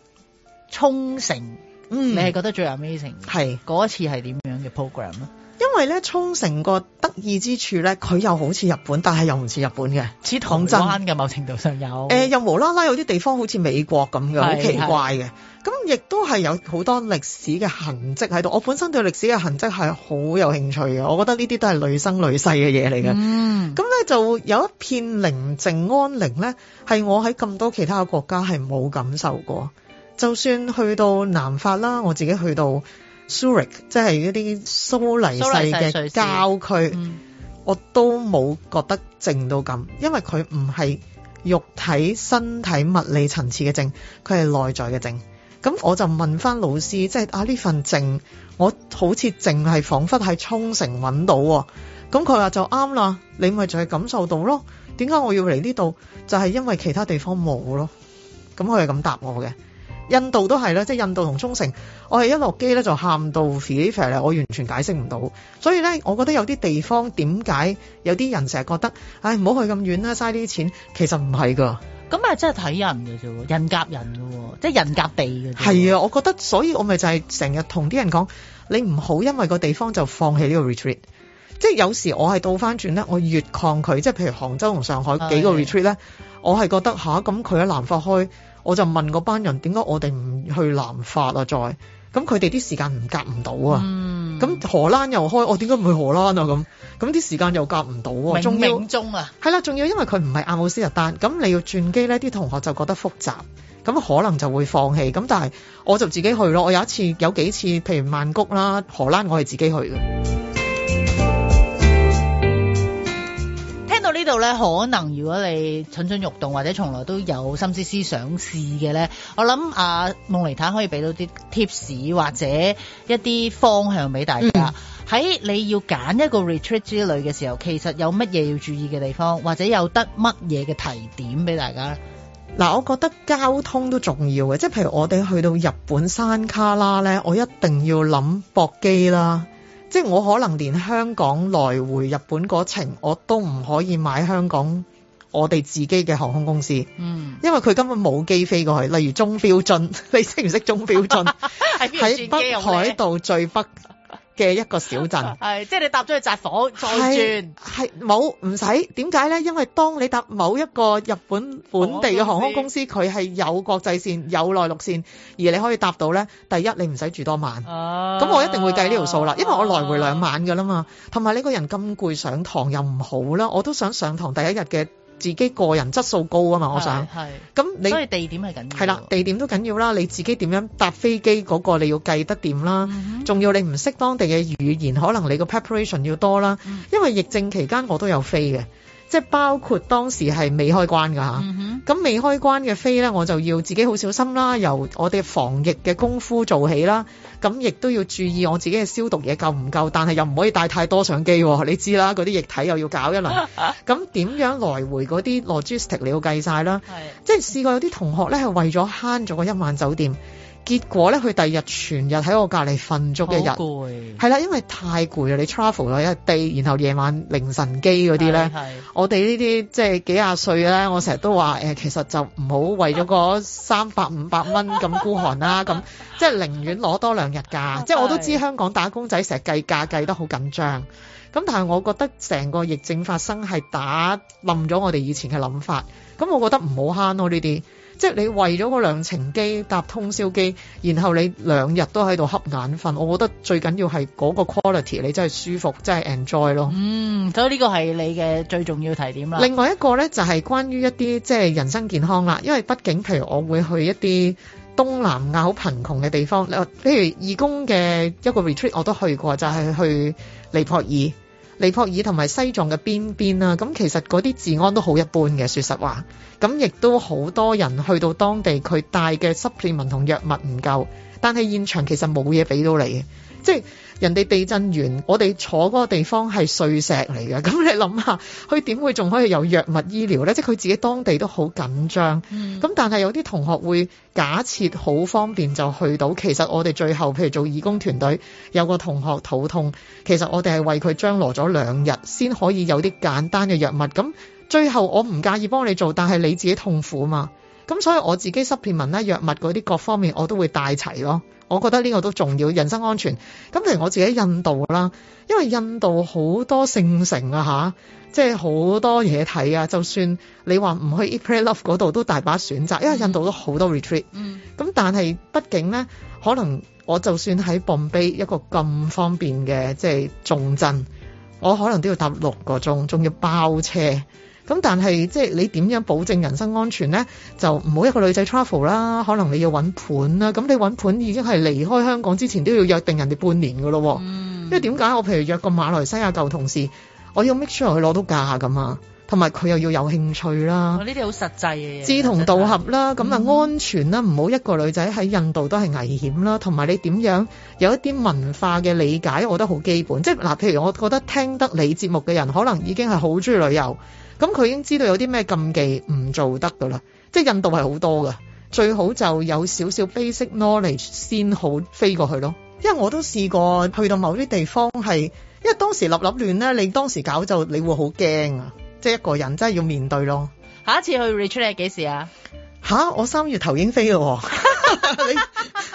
沖繩，嗯、你係覺得最 amazing？係，嗰一次係點樣嘅 program 啊？因為咧，沖繩個得意之處咧，佢又好似日本，但係又唔似日本嘅，似唐真嘅某程度上有。誒、呃，又無啦啦有啲地方好似美國咁嘅，好奇怪嘅。咁亦都係有好多歷史嘅痕跡喺度。我本身對歷史嘅痕跡係好有興趣嘅。我覺得呢啲都係累生累世嘅嘢嚟嘅。嗯。咁咧就有一片寧靜安寧咧，係我喺咁多其他國家係冇感受過。就算去到南法啦，我自己去到。蘇黎即係嗰啲蘇黎世嘅郊區，嗯、我都冇覺得靜到咁，因為佢唔係肉體、身體、物理層次嘅靜，佢係內在嘅靜。咁我就問翻老師，即係啊呢份靜，我好似靜係彷彿喺沖繩揾到喎。咁佢話就啱啦，你咪就係感受到咯。點解我要嚟呢度？就係、是、因為其他地方冇咯。咁佢就咁答我嘅。印度都係啦，即係印度同沖繩。我係一落機咧就喊到 fever 咧，我完全解釋唔到。所以咧，我覺得有啲地方點解有啲人成日覺得，唉唔好去咁遠啦，嘥啲錢，其實唔係㗎。咁啊，真係睇人㗎啫，人夾人㗎喎，即係人夾地㗎。係啊，我覺得，所以我咪就係成日同啲人講，你唔好因為個地方就放棄呢個 retreat。即係有時我係倒翻轉咧，我越抗拒。即係譬如杭州同上海幾個 retreat 咧，我係覺得吓，咁佢喺南方開。我就問嗰班人點解我哋唔去南法啊？再咁佢哋啲時間唔夾唔到啊！咁、嗯、荷蘭又開，我點解唔去荷蘭啊？咁咁啲時間又夾唔到，仲仲啊係啦，仲要因為佢唔係阿姆斯特丹，咁你要轉機呢啲同學就覺得複雜，咁可能就會放棄。咁但係我就自己去咯。我有一次有幾次，譬如曼谷啦、荷蘭，我係自己去嘅。呢度咧，可能如果你蠢蠢欲動或者從來都有心思思想試嘅咧，我諗阿夢尼坦可以俾到啲 tips 或者一啲方向俾大家。喺、嗯、你要揀一個 retreat 之類嘅時候，其實有乜嘢要注意嘅地方，或者有得乜嘢嘅提點俾大家咧？嗱，我覺得交通都重要嘅，即係譬如我哋去到日本山卡拉咧，我一定要諗駁機啦。即係我可能連香港來回日本嗰程，我都唔可以買香港我哋自己嘅航空公司。嗯，因為佢根本冇機飛過去。例如中標津，你識唔識中標津？喺 [LAUGHS] 北海道最北。嘅 [LAUGHS] 一個小鎮，係 [LAUGHS] 即係你搭咗去札幌再轉，係冇，唔使。點解呢？因為當你搭某一個日本本地嘅航空公司，佢係有國際線有內陸線，而你可以搭到呢，第一，你唔使住多晚，咁、啊、我一定會計呢條數啦，因為我來回兩晚噶啦嘛。同、啊、埋你個人咁攰上堂又唔好啦，我都想上堂第一日嘅。自己個人質素高啊嘛，我想，咁你所以地點係緊要，係啦，地點都緊要啦。你自己點樣搭飛機嗰個，你要計得點啦，仲、mm-hmm. 要你唔識當地嘅語言，可能你個 preparation 要多啦。Mm-hmm. 因為疫症期間我都有飛嘅。即係包括當時係未開關㗎嚇，咁、嗯、未開關嘅飛呢，我就要自己好小心啦，由我哋防疫嘅功夫做起啦，咁亦都要注意我自己嘅消毒嘢夠唔夠，但係又唔可以帶太多相機，你知啦，嗰啲液體又要搞一輪，咁 [LAUGHS] 點樣來回嗰啲 logistics 你要計晒啦，即係試過有啲同學呢係為咗慳咗個一晚酒店。結果咧，佢第二日全日喺我隔離瞓足一日，攰，係啦，因為太攰啦。你 travel 咗一地，然後夜晚凌晨機嗰啲咧，我哋呢啲即係幾廿歲咧，我成日都話、呃、其實就唔好為咗個三百五百蚊咁孤寒啦，咁 [LAUGHS] 即係寧願攞多兩日假。 [LAUGHS] 即係我都知香港打工仔成日計假計得好緊張，咁但係我覺得成個疫症發生係打冧咗我哋以前嘅諗法，咁我覺得唔好慳咯呢啲。即係你為咗個兩程機搭通宵機，然後你兩日都喺度瞌眼瞓，我覺得最緊要係嗰個 quality，你真係舒服，真係 enjoy 咯。嗯，所以呢個係你嘅最重要提點啦。另外一個呢，就係關於一啲即係人生健康啦，因為畢竟譬如我會去一啲東南亞好貧窮嘅地方，譬如義工嘅一個 retreat 我都去過，就係去尼泊爾。尼泊爾同埋西藏嘅邊邊啊，咁其實嗰啲治安都好一般嘅，說實話，咁亦都好多人去到當地，佢帶嘅 supplement 同藥物唔夠，但係現場其實冇嘢俾到你。即係人哋地震完，我哋坐嗰個地方係碎石嚟嘅。咁你諗下，佢點會仲可以有藥物醫療咧？即係佢自己當地都好緊張，咁、嗯、但係有啲同學會假設好方便就去到。其實我哋最後譬如做義工團隊有個同學肚痛，其實我哋係為佢張羅咗兩日先可以有啲簡單嘅藥物。咁最後我唔介意幫你做，但係你自己痛苦嘛？咁所以我自己濕片文啦、藥物嗰啲各方面我都會帶齊咯。我覺得呢個都重要，人身安全。咁譬如我自己喺印度啦，因為印度好多聖城啊吓，即係好多嘢睇啊。就算你話唔去 Eat Pray Love 嗰度都大把選擇，因為印度都好多 retreat。嗯。咁但係畢竟呢，可能我就算喺 Bombay 一個咁方便嘅即係重鎮，我可能都要搭六個鐘，仲要包車。咁但係即係你點樣保證人身安全呢？就唔好一個女仔 travel 啦，可能你要揾伴啦。咁你揾伴已經係離開香港之前都要約定人哋半年噶咯、嗯。因為點解我譬如約個馬來西亞舊同事，我要 make sure 佢攞到假咁啊，同埋佢又要有興趣啦。呢啲好實際嘅嘢。志同道合啦，咁啊安全啦，唔、嗯、好一個女仔喺印度都係危險啦。同埋你點樣有一啲文化嘅理解，我覺得好基本。即係嗱，譬如我覺得聽得你節目嘅人，可能已經係好中意旅遊。咁佢已經知道有啲咩禁忌唔做得噶啦，即係印度係好多噶，最好就有少少 basic knowledge 先好飛過去咯。因為我都試過去到某啲地方係，因為當時立立亂咧，你當時搞就你會好驚啊，即係一個人真係要面對咯。下一次去 retreat 係幾時啊？吓、啊，我三月頭已經飛咯，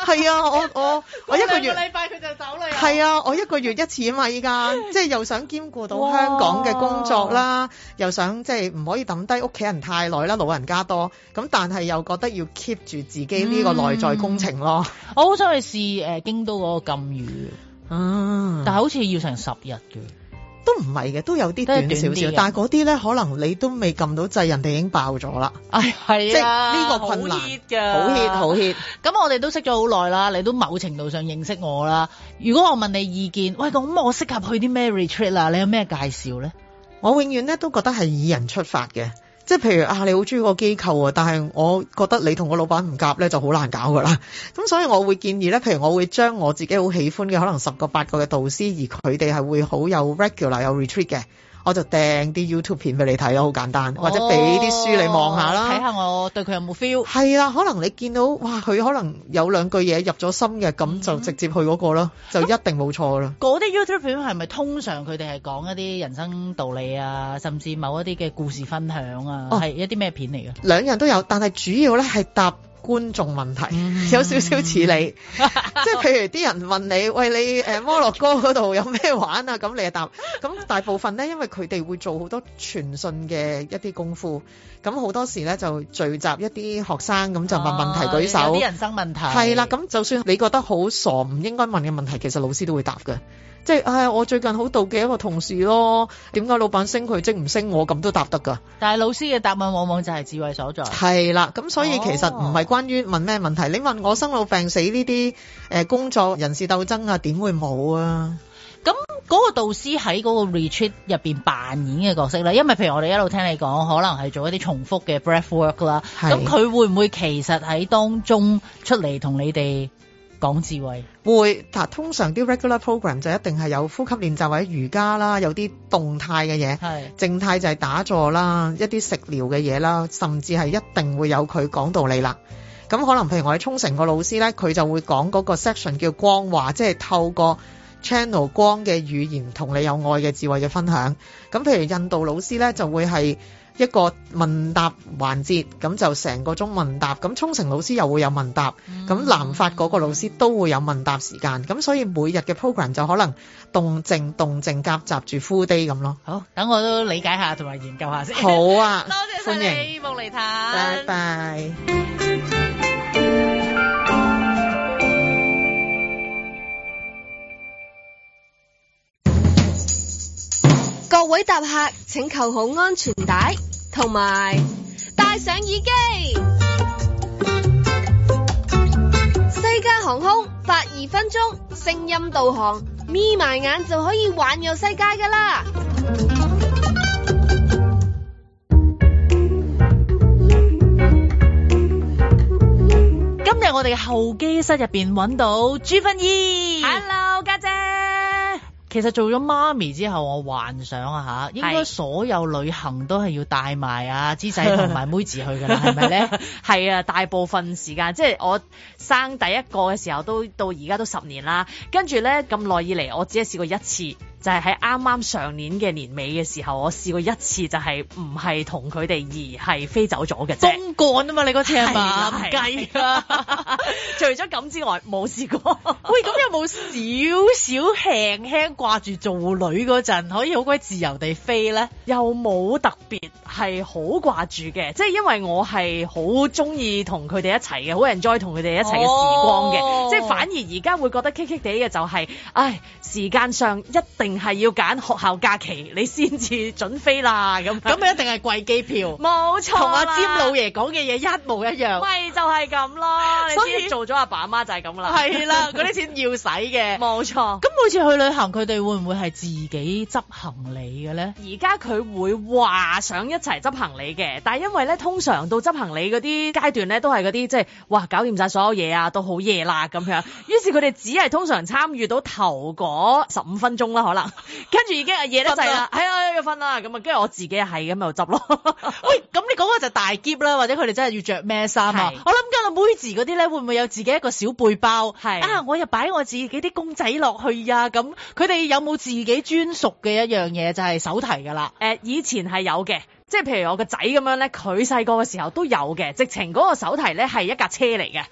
係 [LAUGHS] 啊！我我 [LAUGHS] 我一個月兩個禮拜佢 [LAUGHS] 就走啦。係啊！我一個月一次啊嘛，依家即係又想兼顧到香港嘅工作啦，又想即係唔可以等低屋企人太耐啦，老人家多。咁但係又覺得要 keep 住自己呢個內在工程咯、嗯。我好想去試誒、呃、京都嗰個禁語、嗯、但好似要成十日嘅。都唔係嘅，都有啲短少少，但嗰啲咧可能你都未撳到掣，人哋已經爆咗啦。唉、哎，係啊，即呢、這個困難，好 hit，好 hit。咁我哋都識咗好耐啦，你都某程度上認識我啦。如果我問你意見，喂，咁我適合去啲咩 retreat 啊？你有咩介紹咧？我永遠咧都覺得係以人出發嘅。即係譬如啊，你好中意個機構啊，但係我覺得你同個老闆唔夾咧，就好難搞噶啦。咁所以我會建議咧，譬如我會將我自己好喜歡嘅可能十個八個嘅導師，而佢哋係會好有 regular 有 retreat 嘅。我就訂啲 YouTube 片俾你睇咯，好簡單，或者俾啲書你望下啦，睇、哦、下我對佢有冇 feel。係啦，可能你見到哇，佢可能有兩句嘢入咗心嘅，咁就直接去嗰、嗰個囉、嗯嗯，就一定冇錯啦。嗰、啊、啲 YouTube 片係咪通常佢哋係講一啲人生道理啊，甚至某一啲嘅故事分享啊？係、啊、一啲咩片嚟嘅？兩樣都有，但係主要咧係搭。觀眾問題、嗯、有少少似你，即係譬如啲人問你， [LAUGHS] 喂，你摩洛哥嗰度有咩玩啊？咁你啊答。咁大部分呢，因為佢哋會做好多傳訊嘅一啲功夫，咁好多時呢，就聚集一啲學生，咁就問問題、啊、舉手。有啲人生問題。係啦，咁就算你覺得好傻唔應該問嘅問題，其實老師都會答嘅。即係，唉、哎，我最近好妒忌一個同事咯。點解老闆升佢，即唔升我咁都答得㗎？但係老師嘅答案往往就係智慧所在。係啦，咁所以其實唔係關於問咩問題、哦。你問我生老病死呢啲工作人事鬥爭啊，點會冇啊？咁嗰個導師喺嗰個 retreat 入面扮演嘅角色啦，因為譬如我哋一路聽你講，可能係做一啲重複嘅 breathwork 啦。咁佢會唔會其實喺當中出嚟同你哋？講智慧會，通常啲 regular program 就一定係有呼吸練習或者瑜伽啦，有啲動態嘅嘢係靜態就係打坐啦，一啲食療嘅嘢啦，甚至係一定會有佢講道理啦。咁可能譬如我喺沖繩個老師呢，佢就會講嗰個 section 叫光話，即係透過 channel 光嘅語言同你有愛嘅智慧嘅分享。咁譬如印度老師呢，就會係。一個問答環節，咁就成個鐘問答。咁沖繩老師又會有問答，咁、嗯、南法嗰個老師都會有問答時間。咁所以每日嘅 program 就可能動靜動靜夾雜住 full day 咁咯。好，等我都理解下同埋研究下先。好啊， [LAUGHS] 多謝歡迎你夢妮坦。拜拜。各位搭客，請扣好安全帶，同埋戴上耳機。西加航空八二分鐘聲音導航，眯埋眼就可以環遊世界噶啦！今日我哋嘅候機室入邊揾到朱芬姨。Hello，家姐，姐。其實做咗媽咪之後，我幻想啊吓，應該所有旅行都係要帶埋啊，姿仔同埋妹子去噶啦，係咪咧？係 [LAUGHS] 啊，大部分時間即係我生第一個嘅時候都到而家都十年啦，跟住咧咁耐以嚟，我只係試過一次。就係喺啱啱上年嘅年尾嘅時候，我試過一次，就係唔係同佢哋而係飛走咗嘅啫。冬幹啊嘛，你嗰次係咪雞？ [LAUGHS] 除咗咁之外，冇試過。喂，咁有冇少少輕輕掛住做女嗰陣，可以好鬼自由地飛咧？又冇特別係好掛住嘅，即係因為我係好中意同佢哋一齊嘅，好 enjoy 同佢哋一齊嘅時光嘅。哦。即係反而而家會覺得棘棘哋嘅就係，唉，時間上一定。定係要揀學校假期，你先至准飛啦，咁，咁一定係貴機票，冇 [LAUGHS] 錯，同阿詹老爺講嘅嘢一模一樣，喂，就係咁咯。所以做咗阿爸阿媽就係咁啦，係啦，嗰啲錢要使嘅，冇 [LAUGHS] 錯。咁每次去旅行，佢哋會唔會係自己執行李嘅咧？而家佢會話想一齊執行李嘅，但係因為咧，通常到執行李嗰啲階段咧，都係嗰啲即係哇，搞掂晒所有嘢啊，都好夜啦咁樣。於是佢哋只係通常參與到頭嗰十五分鐘啦，可能。跟 [LAUGHS] 住已經夜得滯啦，係啊，要瞓啦。咁啊，跟住我自己係咁又執咯。 [LAUGHS] 喂，咁你講嘅就大喼啦，或者佢哋真係要著咩衫啊？我諗緊阿妹子嗰啲咧，會唔會有自己一個小背包？係啊，我又擺我自己啲公仔落去呀、啊。咁佢哋有冇自己專屬嘅一樣嘢就係手提㗎啦？誒、呃，以前係有嘅。即係譬如我個仔咁樣咧，佢細個嘅時候都有嘅，直情嗰個手提咧係一架車嚟嘅，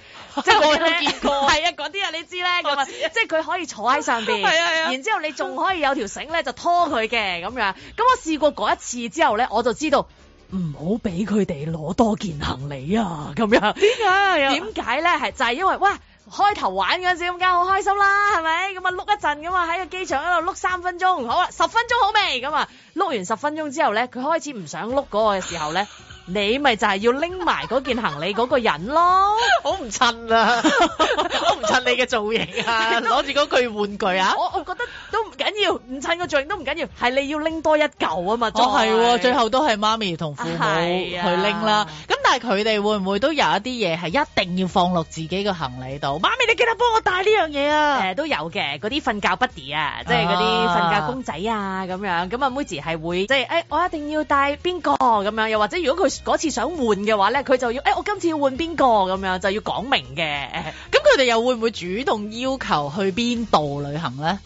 即 [LAUGHS] 係我都見過， [LAUGHS] 係啊，嗰啲啊你知咧，即係佢可以坐喺上邊，係 [LAUGHS] 啊 [LAUGHS] [LAUGHS] 然之後你仲可以有條繩咧就拖佢嘅咁樣，咁我試過嗰一次之後咧，我就知道唔好俾佢哋攞多件行李啊，咁樣，點解啊？點解咧？係就係、是、因為，哇！開頭玩嗰陣時咁梗係好開心啦，係咪？咁啊碌一陣咁啊喺個機場喺度碌三分鐘，好啦，十分鐘好未？咁啊碌完十分鐘之後咧，佢開始唔想碌嗰個嘅時候咧。你咪就係要拎埋嗰件行李嗰個人咯，好唔襯啊！好唔襯你嘅造型啊！攞住嗰具玩具啊！ [LAUGHS] 我我覺得都唔緊要，唔襯個造型都唔緊要，係你要拎多一嚿啊嘛！哦，係，最後都係媽咪同父母、啊、去拎啦。咁但係佢哋會唔會都有一啲嘢係一定要放落自己嘅行李度？媽咪，你記得幫我帶呢樣嘢啊！誒、呃，都有嘅，嗰啲瞓覺 buddy 啊，即係嗰啲瞓覺公仔啊咁、啊、樣。咁阿妹仔係會即係、就是哎、我一定要帶邊個咁樣？又或者如果佢？嗰次想換嘅話呢，佢就要，誒、哎、我今次要換邊個咁樣，就要講明嘅。咁佢哋又會唔會主動要求去邊度旅行呢？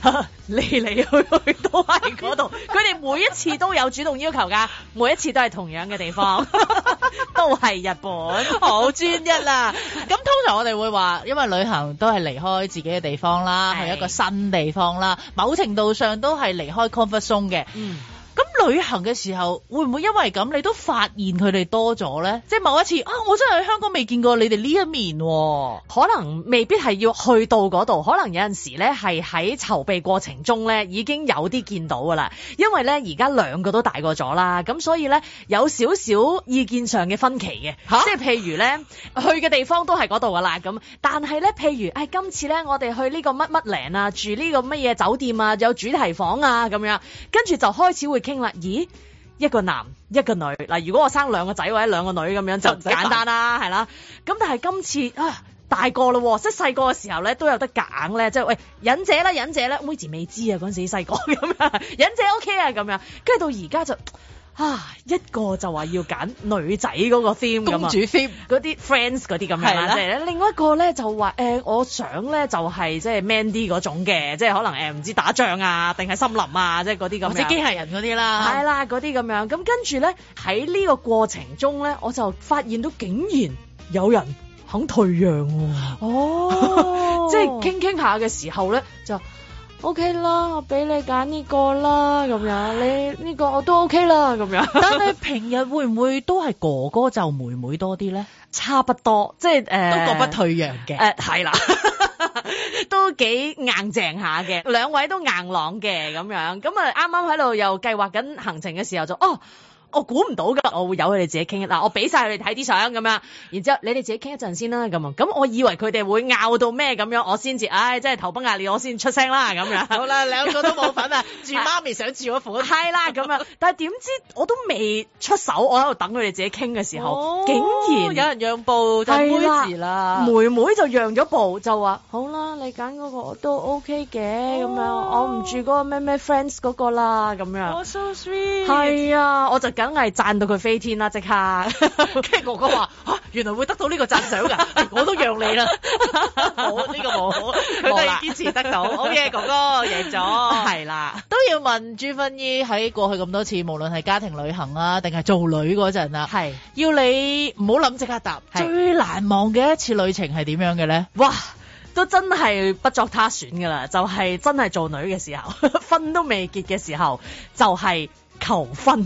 嚟 [LAUGHS] 嚟去去都係嗰度，佢 [LAUGHS] 哋每一次都有主動要求㗎，每一次都係同樣嘅地方， [LAUGHS] 都係日本，好專一啦。咁 [LAUGHS] 通常我哋會話，因為旅行都係離開自己嘅地方啦，去一個新地方啦，某程度上都係離開 comfort zone 嘅。嗯。咁旅行嘅時候會唔會因為咁你都發現佢哋多咗呢？即係某一次啊，我真係去香港未見過你哋呢一面喎，可能未必係要去到嗰度，可能有陣時呢係喺籌備過程中呢已經有啲見到噶啦，因為呢而家兩個都大個咗啦，咁所以呢有少少意見上嘅分歧嘅，啊，即係譬如呢去嘅地方都係嗰度噶啦，咁但係呢，譬如誒、哎、今次呢我哋去呢個乜乜嶺啊，住呢個乜嘢酒店啊，有主題房啊咁樣，跟住就開始會。傾啦，咦？一個男，一個女。嗱，如果我生兩個仔或者兩個女咁樣就簡單 [LAUGHS] 啦，係啦。咁但係今次啊，大個咯，即係細個嘅時候咧都有得揀咧，即係喂忍者啦，忍者咧，妹紙未知啊，嗰陣時細個咁樣，忍者 OK 啊，咁樣，跟住到而家就。啊，一個就話要揀女仔嗰個 theme，公主 theme，嗰啲 friends 嗰啲咁樣啦，就是。另外一個咧就話，誒、呃，我想咧就係即係 man 啲嗰種嘅，即、就、係、是、可能誒唔、呃、知打仗啊，定係森林啊，即係嗰啲咁樣，即係機械人嗰啲啦。係啦，嗰啲咁樣。咁跟住咧喺呢個過程中咧，我就發現到竟然有人肯退讓喎。哦， [LAUGHS] 即係傾傾下嘅時候咧就。O K 啦，我俾你揀呢個啦，咁樣你呢、這個我都 O K 啦，咁樣。但係平日會唔會都係哥哥就妹妹多啲咧？差不多，即係誒、呃，都各不退讓嘅。誒、呃，係、啊、啦， [LAUGHS] 都幾硬淨下嘅，兩位都硬朗嘅咁樣。咁啊，啱啱喺度又計劃緊行程嘅時候就哦。我估唔到噶，我會由佢哋自己傾一啦，我俾晒佢哋睇啲相咁樣，然之後你哋自己傾一陣先啦，咁樣咁我以為佢哋會拗到咩咁樣，我先至唉，真係頭崩壓裂，我先出聲啦咁樣。 [LAUGHS] 好啦，兩個都冇份啊， [LAUGHS] 住媽咪想住嗰款，係 [LAUGHS] 啦咁樣，但係點知我都未出手，我喺度等佢哋自己傾嘅時候，哦、竟然、哦、有人讓步，就妹時啦，妹妹就讓咗步，就話好啦，你揀嗰、嗰個我都 OK 嘅，咁樣我唔住嗰個咩咩 Friends 個啦，咁樣。係、哦 so sweet、啊，我就梗係讚到佢飛天啦！即刻，跟 [LAUGHS] 住哥哥話、 [LAUGHS] 啊：，原來會得到呢個讚賞㗎， [LAUGHS] 我都讓你啦。好 [LAUGHS] 沒有，呢 [LAUGHS] 個冇，佢都係堅持得到。 [LAUGHS] o、oh、K、yeah，哥哥贏咗。係啦，都要問朱芬姨喺過去咁多次，無論係家庭旅行啊，定係做女嗰陣啦。係，要你唔好諗即刻答。最難忘嘅一次旅程係點樣嘅咧？哇，都真係不作他選㗎啦，就係、是、真係做女嘅時候，婚 [LAUGHS] 都未結嘅時候，就係、是。求婚。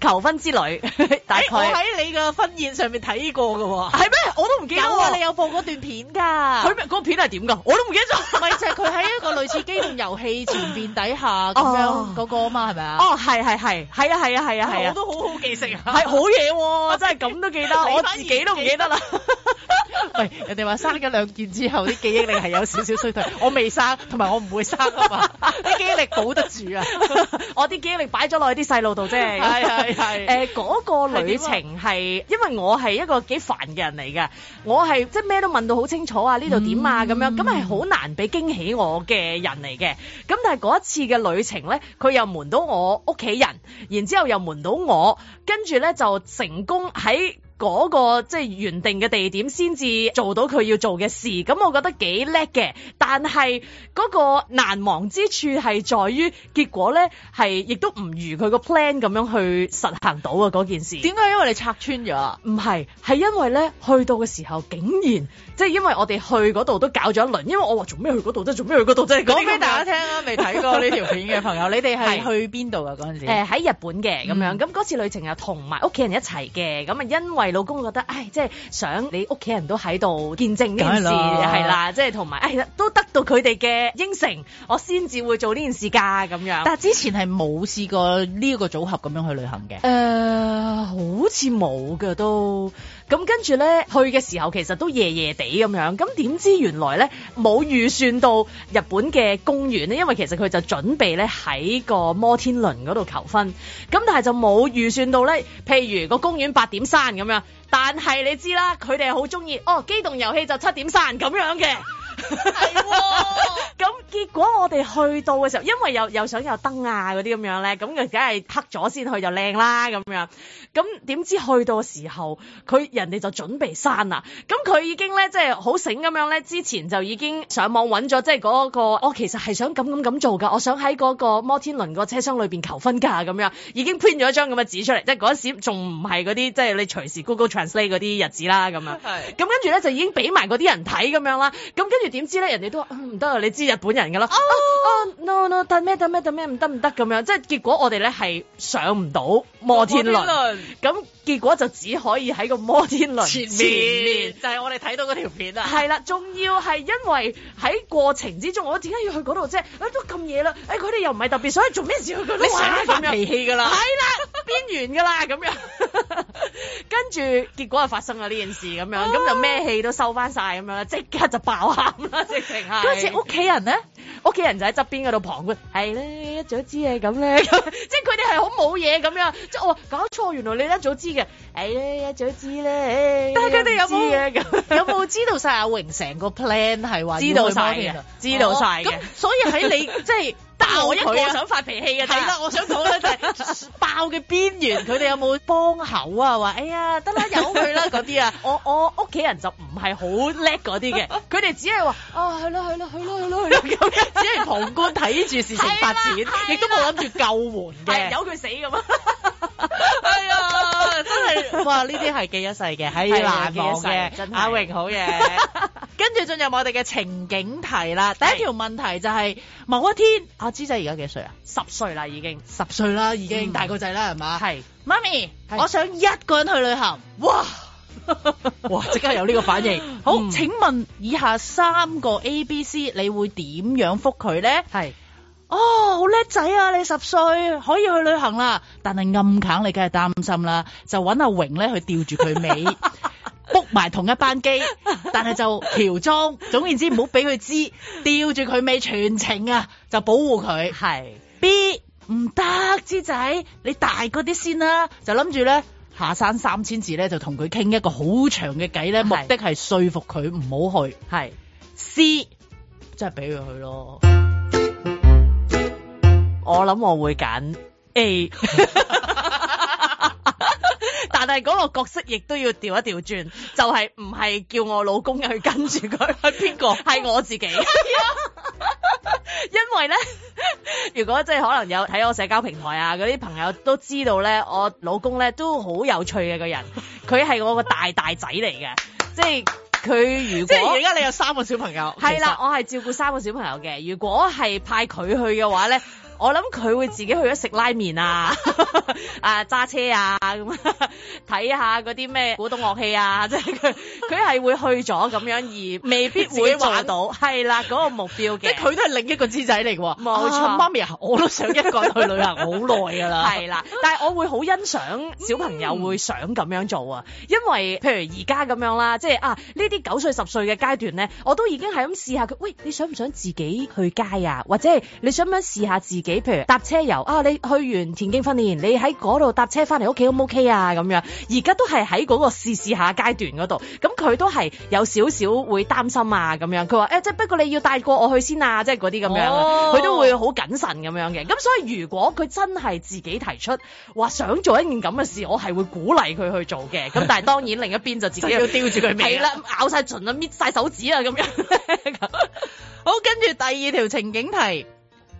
求婚之旅，大概、欸、我喺你個婚宴上面睇過噶、啊，係咩？我都唔記得、啊。有、啊、你有播嗰段片噶？佢嗰、嗰個片係點噶？我都唔記得咗。咪就係佢喺一個類似機動遊戲前邊底下咁樣嗰個啊嘛，係咪啊？哦，係係係，係、哦、啊係啊係啊係啊，啊！我都好好記性啊。係好嘢，真係咁都記得，我，我自己都唔記得啦。得 [LAUGHS] 喂，人哋話生咗兩件之後啲 [LAUGHS] 記憶力係有少少衰退，我未生，同埋我唔會生啊嘛，啲 [LAUGHS] 記憶力保得住啊， [LAUGHS] 我啲記憶力擺咗落去啲細路度啫。係係係，嗰、嗰個旅程係，因為我係一個幾煩嘅人嚟㗎，我係即係咩都問到好清楚啊，呢度點啊咁，mm-hmm. 樣，咁係好難俾驚喜我嘅人嚟嘅，咁但係嗰一次嘅旅程咧，佢又瞞到我屋企人，然之後又瞞到我，跟住咧就成功喺，嗰、那個即係、就是、原定嘅地點，先至做到佢要做嘅事。咁我覺得幾叻嘅，但係嗰個難忘之處係在於結果咧，係亦都唔如佢個 plan 咁樣去實行到啊嗰件事。點解因為你拆穿咗？唔係，係因為咧去到嘅時候，竟然即係、就是、因為我哋去嗰度都搞咗一輪。因為我話做咩去嗰度即係做咩去嗰度啫？講俾大家聽啊！未 [LAUGHS] 睇過呢條片嘅朋友， [LAUGHS] 你哋係去邊度噶嗰陣時？喺日本嘅咁樣，咁、嗯、嗰次旅程又同埋屋企人一齊嘅，咁啊因為。老公覺得，唉，即係想你屋企人都喺度見證呢件事係啦，即係同埋，唉，都得到佢哋嘅應承，我先至會做呢件事㗎，咁樣。但係之前係冇試過呢個組合咁樣去旅行嘅。誒、呃，好似冇㗎，都。咁跟住呢，去嘅時候其實都夜夜地咁樣，咁點知原來呢冇預算到日本嘅公園呢，因為其實佢就準備呢喺個摩天輪嗰度求婚，咁但係就冇預算到呢，譬如個公園八點閂咁樣，但係你知啦，佢哋好中意哦機動遊戲就七點閂咁樣嘅。係喎，咁結果我哋去到嘅時候，因為又又想有燈啊嗰啲咁樣咧，咁佢梗係黑咗先去就靚啦咁樣。咁點知去到嘅時候，佢人哋就準備刪啦。咁佢已經咧即係好醒咁樣咧，之前就已經上網揾咗即係嗰個，我、哦、其實係想咁咁咁做噶，我想喺嗰個摩天輪個車廂裏邊求婚噶咁樣，已經 print 咗一張咁嘅紙出嚟，即係嗰時仲唔係嗰啲即係你隨時 Google Translate 嗰啲日子啦咁樣咁 [LAUGHS] 跟住咧就已經俾埋嗰啲人睇咁樣啦。咁跟跟住點知咧？人哋都話唔得啊！你知日本人噶啦。哦、oh! oh, oh,，no 哦、no,，哦，哦，搭咩哦，搭咩哦，搭咩唔得唔得咁樣，即係結果我哋咧係上唔到摩天輪。哦，哦，摩天輪咁結果就只可以喺個摩天輪前，前，前面，就係、是、我哋睇到哦，嗰條片啦。係啦，哦，仲要係因為喺過程之中，我點解要去哦，嗰度哦，哦，都咁夜啦，誒、哎，佢哋又唔係特別，哦，哦，做咩事去哦，嗰度？哦，哦，哦，哦，你成日發脾氣噶啦，係啦，邊緣噶啦咁樣。 [LAUGHS] 跟住結果就發生咗呢件事咁樣，咁、oh! 就咩戲都收翻晒咁樣，即刻就爆啦！咁 [LAUGHS] 啦直是，直情係嗰陣時，屋企人咧，屋企人就喺側邊嗰度旁觀，係 [LAUGHS] 咧一早知嘅咁咧，即係佢哋係好冇嘢咁樣，即係我搞錯，原來你一早知嘅，誒咧一早知咧，誒，但係佢哋有冇有冇知道曬阿榮成個 plan 係話知道曬嘅，知道曬嘅， [LAUGHS] 哦、所以喺你 [LAUGHS] 即係。我一個想發脾氣嘅，係啦，我想講咧，就係爆嘅邊緣，佢哋有冇幫口啊？話哎呀，得啦，由佢啦嗰啲啊，我我屋企人就唔係好叻嗰啲嘅，佢哋只係話哦，係咯，係咯，係咯，係咯，咁樣只係旁觀睇住事情發展，亦都冇諗住救援嘅，由佢死咁啊！哎呀，真係哇，呢啲係記一世嘅，係難忘嘅。阿榮好嘢，跟住進入我哋嘅情景題啦。第一條問題就係某一天啊。知仔而家幾歲啊？十歲啦，已經十歲啦，已經大個仔啦，係、嗯、嘛？係媽咪是，我想一個人去旅行。哇 [LAUGHS] 哇，即刻有呢個反應。 [LAUGHS] 好、嗯，請問以下三個 A、B、C，你會點樣覆佢咧？係哦，好叻仔啊！你十歲可以去旅行啦，但係暗啃你梗係擔心啦，就揾阿榮咧去吊住佢尾。 [LAUGHS] b 埋同一班機，但係就喬裝， [LAUGHS] 總言之唔好俾佢知， [LAUGHS] 吊住佢尾全程啊，就保護佢。係 B 唔得，知仔你大個啲先啦、啊，就諗住咧下山三千字咧就同佢傾一個好長嘅偈咧，目的係說服佢唔好去。係 C 即係俾佢去咯，我諗我會揀 A。 [LAUGHS] [LAUGHS] 但係嗰個角色亦都要調一調轉，就係唔係叫我老公去跟住佢，係邊個？係我自己。 [LAUGHS] [LAUGHS] 因為咧，如果即係可能有睇我社交平台啊，嗰啲朋友都知道咧，我老公咧都好有趣嘅個人，佢係我個大大仔嚟嘅，即係佢如果即係而家你有三個小朋友，係啦，我係照顧三個小朋友嘅，如果係派佢去嘅話咧。我諗佢會自己去咗食拉麵啊，啊揸車啊咁，睇下嗰啲咩古董樂器啊，即係佢，佢係會去咗咁樣，而未必會話到。係啦，嗰個目標嘅，佢都係另一個姿仔嚟嘅。冇錯，媽咪啊，我都想一個人去旅行好耐噶啦。係 [LAUGHS] 啦，但係我會好欣賞小朋友會想咁樣做啊，因為譬如而家咁樣啦，即係啊呢啲九歲十歲嘅階段咧，我都已經係咁試下佢。喂，你想唔想自己去街啊？或者係你想唔想試下自己？幾譬如搭車遊啊，你去完田徑訓練，你喺嗰度搭車翻嚟屋企，O 唔 O K 啊？咁樣而家都係喺嗰個試試下階段嗰度，咁佢都係有少少會擔心啊，咁樣佢話誒，即係、欸就是，不過你要帶過我去先啊，即係嗰啲咁樣，佢、哦，都會好謹慎咁樣嘅。咁所以如果佢真係自己提出話想做一件咁嘅事，我係會鼓勵佢去做嘅。咁 [LAUGHS] 但係當然另一邊就自己都吊住佢命，啊，係 [LAUGHS] 啦，咬晒唇啦，搣晒手指啦，啊，咁樣。 [LAUGHS] 好，跟住第二條情景題。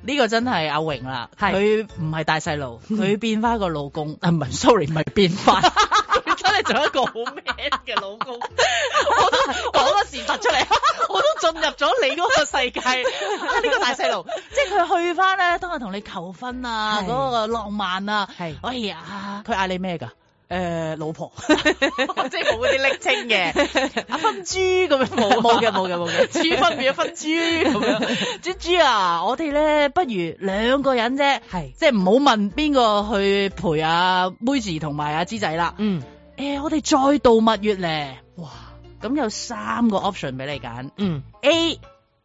呢、這個真係阿榮啦，佢唔係大細路，佢變翻個老公，唔 [LAUGHS] 係、啊、，sorry，唔係變翻， [LAUGHS] [LAUGHS] 佢真係做一個好 man 嘅老公， [LAUGHS] 我都講個 [LAUGHS] 事實出嚟， [LAUGHS] 我都進入咗你嗰個世界。呢 [LAUGHS] [LAUGHS] [LAUGHS] 個大細路，即係佢去翻咧，當日同你求婚啊，嗰、那個浪漫啊，係，哎呀、啊，佢嗌你咩㗎？誒、呃、老婆， [LAUGHS] [LAUGHS] 即係冇嗰啲拎清嘅，阿、 [LAUGHS] 啊、分豬珠咁 [LAUGHS] 樣冇冇嘅冇嘅冇嘅，豬分變咗分豬咁樣， [LAUGHS] 豬豬啊，我哋咧不如兩個人啫，係即係唔好問邊個去陪阿、啊、妹子同埋阿芝仔啦，嗯誒、欸，我哋再度蜜月咧，哇，咁有三個 option 俾你揀，嗯 A。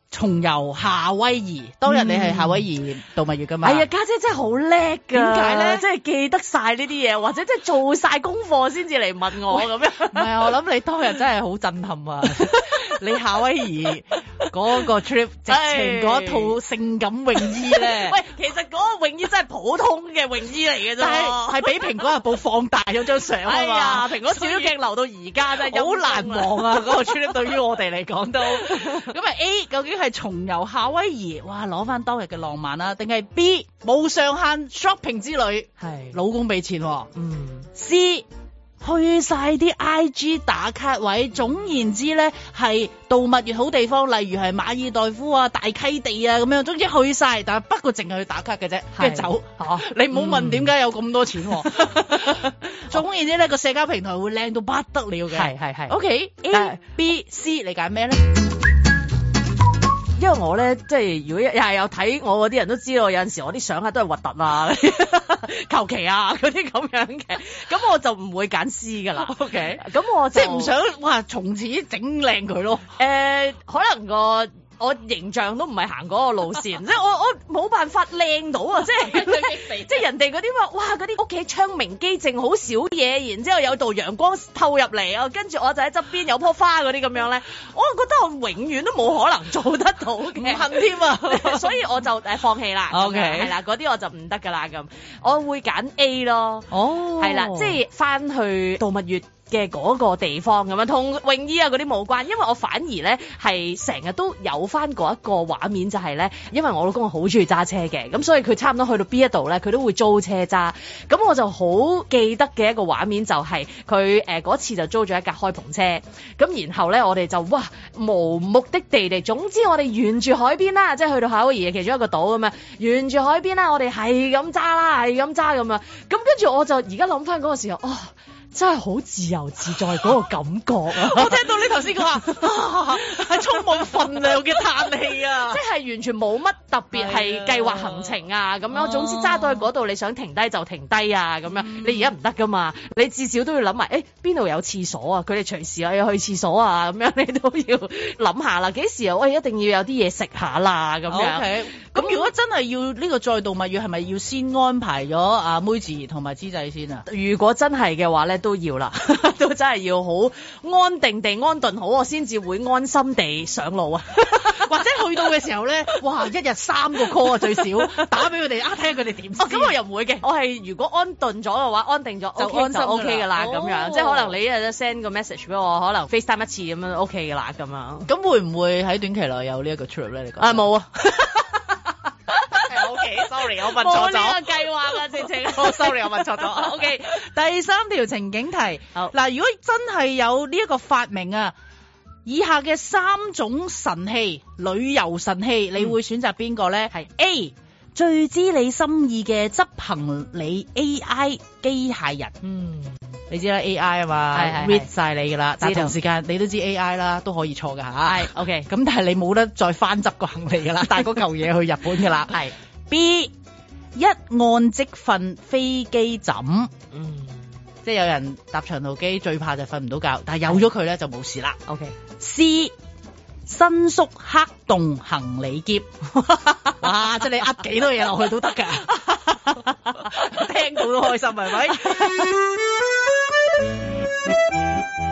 重遊夏威夷，當日你係夏威夷度蜜月㗎嘛？係、嗯哎、啊，家姐真係好叻㗎！點解咧？即係記得晒呢啲嘢，或者即係做晒功課先至嚟問我咁樣。唔係啊，我諗你當日真係好震撼啊！ [LAUGHS] 你夏威夷嗰個 trip， [LAUGHS] 直情嗰一套性感泳衣咧。喂，其實嗰個泳衣真係普通嘅泳衣嚟嘅啫，係俾蘋果日報放大咗張相啊嘛！蘋果小妖鏡留到而家真係好難忘啊！嗰個 trip [LAUGHS] 對於我哋嚟講都咁啊 A，究竟？係重遊夏威夷，哇！攞翻當日嘅浪漫啊，定係 B 冇上限 shopping 之旅，係老公俾錢，嗯，C 去晒啲 IG 打卡位，總言之咧係度蜜月好地方，例如係馬爾代夫啊、大溪地啊咁樣，總之去晒，但係不過淨係去打卡嘅啫，跟住走，啊、 [LAUGHS] 你唔好問點解有咁多錢、啊， [LAUGHS] 總言之咧個社交平台會靚到不得了嘅，係係係，OK A、呃、B C 你揀咩咧？因為我咧，即係如果又係又睇我嗰啲人都知道，有陣時我啲相啊都係核突啊，求其啊嗰啲咁樣嘅，咁我就唔會揀 C 噶啦。O K，咁我即係唔想哇，從此整靚佢咯。誒、呃，可能個。我形象都唔係行嗰個路線， [LAUGHS] 即係我我冇辦法靚到啊！即係 [LAUGHS] 即係 [LAUGHS] 人哋嗰啲話哇，嗰啲屋企窗明機正窗明幾淨好少嘢，然之後有道陽光透入嚟啊，跟住我就喺側邊有棵花嗰啲咁樣咧，我覺得我永遠都冇可能做得到嘅，唔 [LAUGHS] 添的啊！ [LAUGHS] [LAUGHS] 所以我就誒放棄啦。O K，係啦，嗰啲我就唔得噶啦咁，我會揀 A 咯。哦，係啦，即係翻去度蜜月。嘅嗰個地方咁啊，同泳衣啊嗰啲冇關，因為我反而咧係成日都有翻嗰一個畫面，就係咧，因為我老公啊好中意揸車嘅，咁所以佢差唔多去到邊一度咧，佢都會租車揸。咁我就好記得嘅一個畫面就係佢誒嗰次就租咗一架開篷車，咁然後咧我哋就哇無目的地地，總之我哋沿住海邊啦，即係去到夏威夷嘅其中一個島咁啊，沿住海邊啦，我哋係咁揸啦，係咁揸咁啊，咁跟住我就而家諗翻嗰個時候，哦～真係好自由自在嗰個感覺啊！ [LAUGHS] 我聽到你頭先講話係充滿分量嘅嘆氣啊！ [LAUGHS] 即係完全冇乜特別係計劃行程啊咁樣、啊。總之揸到去嗰度，你想停低就停低啊咁樣。嗯、你而家唔得噶嘛？你至少都要諗埋，誒邊度有廁所啊？佢哋隨時可以去廁所啊咁樣，你都要諗下啦。幾時啊？我、欸、一定要有啲嘢食下啦咁樣。咁、okay. 如果真係要呢個再度蜜月，係咪要先安排咗啊妹子同埋之仔先啊？如果真係嘅話咧，都要啦，都真係要好安定地安頓好，我先至會安心地上路啊。 [LAUGHS] 或者去到嘅時候咧， [LAUGHS] 哇，一日三個 call 啊最少打，打俾佢哋啊，睇下佢哋點哦，咁我又唔會嘅，我係如果安頓咗嘅話，安定咗就，就安心就 OK 噶啦，咁樣、哦、即係可能你日 send 個 message 俾我，可能 FaceTime 一次咁、OK、樣 OK 噶啦，咁樣。咁會唔會喺短期內有 trip 呢一個出入咧？你講啊冇啊。 [LAUGHS] [LAUGHS] O K，sorry，我問錯咗。冇呢個計劃噶，直情。sorry，我問錯咗。啊、 [LAUGHS] o、oh, K，、okay. [LAUGHS] 第三條情景題。嗱、oh.，如果真係有呢一個發明啊，以下嘅三種神器，旅遊神器、嗯，你會選擇邊個咧？係 A，最知你心意嘅執行李 A I 機械人。嗯，你知啦，A I 啊嘛，read 晒你噶啦。知道。但係同時間你都知 A I 啦，都可以錯噶吓。係。O K，咁但係你冇得再翻執個行李噶啦，帶嗰嚿嘢去日本噶啦。係。 [LAUGHS] B 一按即瞓飛機枕，嗯，即係有人搭長途機最怕就瞓唔到覺，但係有咗佢咧就冇事啦。O、哎、K C 伸縮黑洞行李篋，okay. 哇， [LAUGHS] 哇！即係你呃幾多嘢落去都得噶， [LAUGHS] [LAUGHS] [LAUGHS] [LAUGHS] 聽到都開心係咪？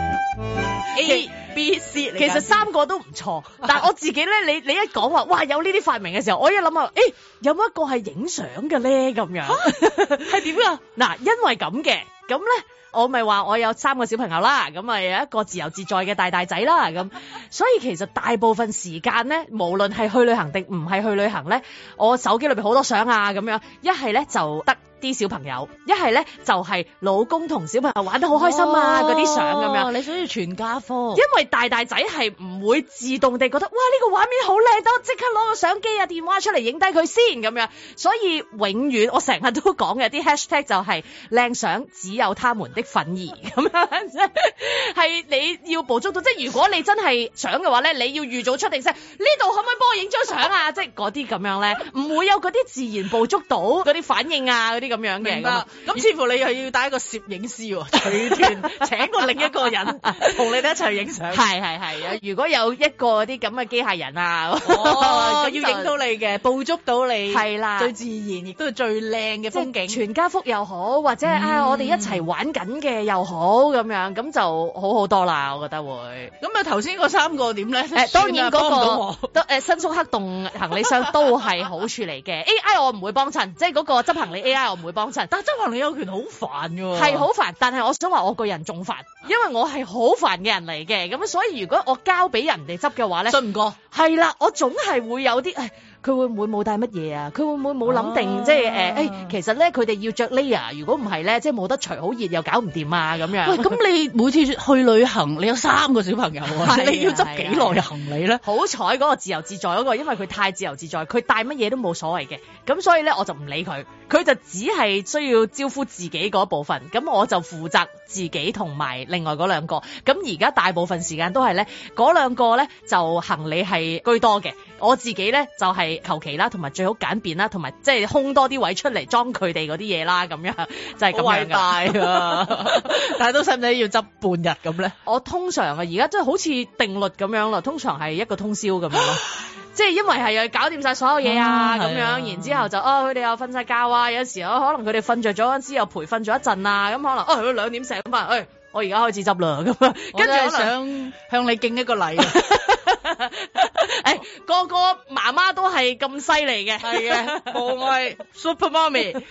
[LAUGHS] [LAUGHS] [LAUGHS] [LAUGHS] A、B、C，其實三個都唔錯。但係我自己咧，你你一講話，哇有呢啲發明嘅時候，我一諗啊，誒、欸、有冇一個係影相嘅咧咁樣？係點噶？嗱，因為咁嘅，咁咧我咪話我有三個小朋友啦，咁啊有一個自由自在嘅大大仔啦，咁所以其實大部分時間咧，無論係去旅行定唔係去旅行咧，我手機裏邊好多相啊咁樣，一係咧就得。啲小朋友，一係咧就係老公同小朋友玩得好開心啊！嗰啲相咁樣，你想要全家福？因為大大仔係唔會自動地覺得，哇呢個畫面好靚，得即刻攞個相機啊、電話出嚟影低佢先咁樣。所以永遠我成日都講嘅啲 hashtag 就係靚相只有他們的份兒咁樣，係你要捕捉到。即 [LAUGHS] 係如果你真係想嘅話咧，你要預早出定聲，呢度可唔可以幫我影張相啊？即係嗰啲咁樣咧，唔會有嗰啲自然捕捉到嗰啲反應啊嗰啲。咁樣嘅，咁似乎你又要帶一個攝影師喎，取團請個另一個人同你哋一齊影相。係係係，如果有一個啲咁嘅機械人啊、哦， [LAUGHS] 要影到你嘅，捕捉到你，係啦，最自然亦都係最靚嘅風景，全家福又好，或者係、嗯、啊我哋一齊玩緊嘅又好，咁樣咁就好好多啦，我覺得會。咁啊頭先個三個點咧？誒、啊，當然嗰、那、都、個，誒伸縮黑洞行李箱都係好處嚟嘅。 [LAUGHS] A I 我唔會幫襯，即係嗰個執行李 A I。唔會幫襯，但係執行李有權好煩噶，係好煩，但係我想話我個人仲煩，因為我係好煩嘅人嚟嘅，咁所以如果我交俾人哋執嘅話咧，信唔過，係啦，我總係會有啲誒。唉佢會唔會冇帶乜嘢啊？佢會唔會冇諗定、啊、即係誒？誒、欸，其實咧，佢哋要着 layer，如果唔係咧，即係冇得除，好熱又搞唔掂啊！咁樣。喂，咁你每次去旅行，你有三個小朋友啊？ [LAUGHS] 啊你要執幾耐行李咧？好彩嗰個自由自在嗰、嗰個，因為佢太自由自在，佢帶乜嘢都冇所謂嘅。咁所以咧，我就唔理佢，佢就只係需要招呼自己嗰部分。咁我就負責自己同埋另外嗰兩個。咁而家大部分時間都係咧，嗰兩個咧就行李係居多嘅，我自己咧就係、是。求其啦，同埋最好簡便啦，同埋即係空多啲位出嚟裝佢哋嗰啲嘢啦，咁樣就係、是、咁樣、啊、 [LAUGHS] [LAUGHS] 但係都使唔使要執半日咁咧？我通常啊，而家即係好似定律咁樣啦，通常係一個通宵咁咯。 [LAUGHS] 即係因為係要搞掂晒所有嘢啊咁、啊、樣，啊、然之後就哦，佢哋又瞓晒覺啊。有時候可能佢哋瞓着咗嗰陣時又陪瞓咗一陣啊，咁、嗯、可能哦兩點醒誒。哎我而家開始執啦，咁跟住想向你敬一個禮，誒、 [LAUGHS] [LAUGHS] 哎、 [LAUGHS] 個個媽媽都係咁犀利嘅，係嘅， [LAUGHS] 愛 Super mommy。 [LAUGHS]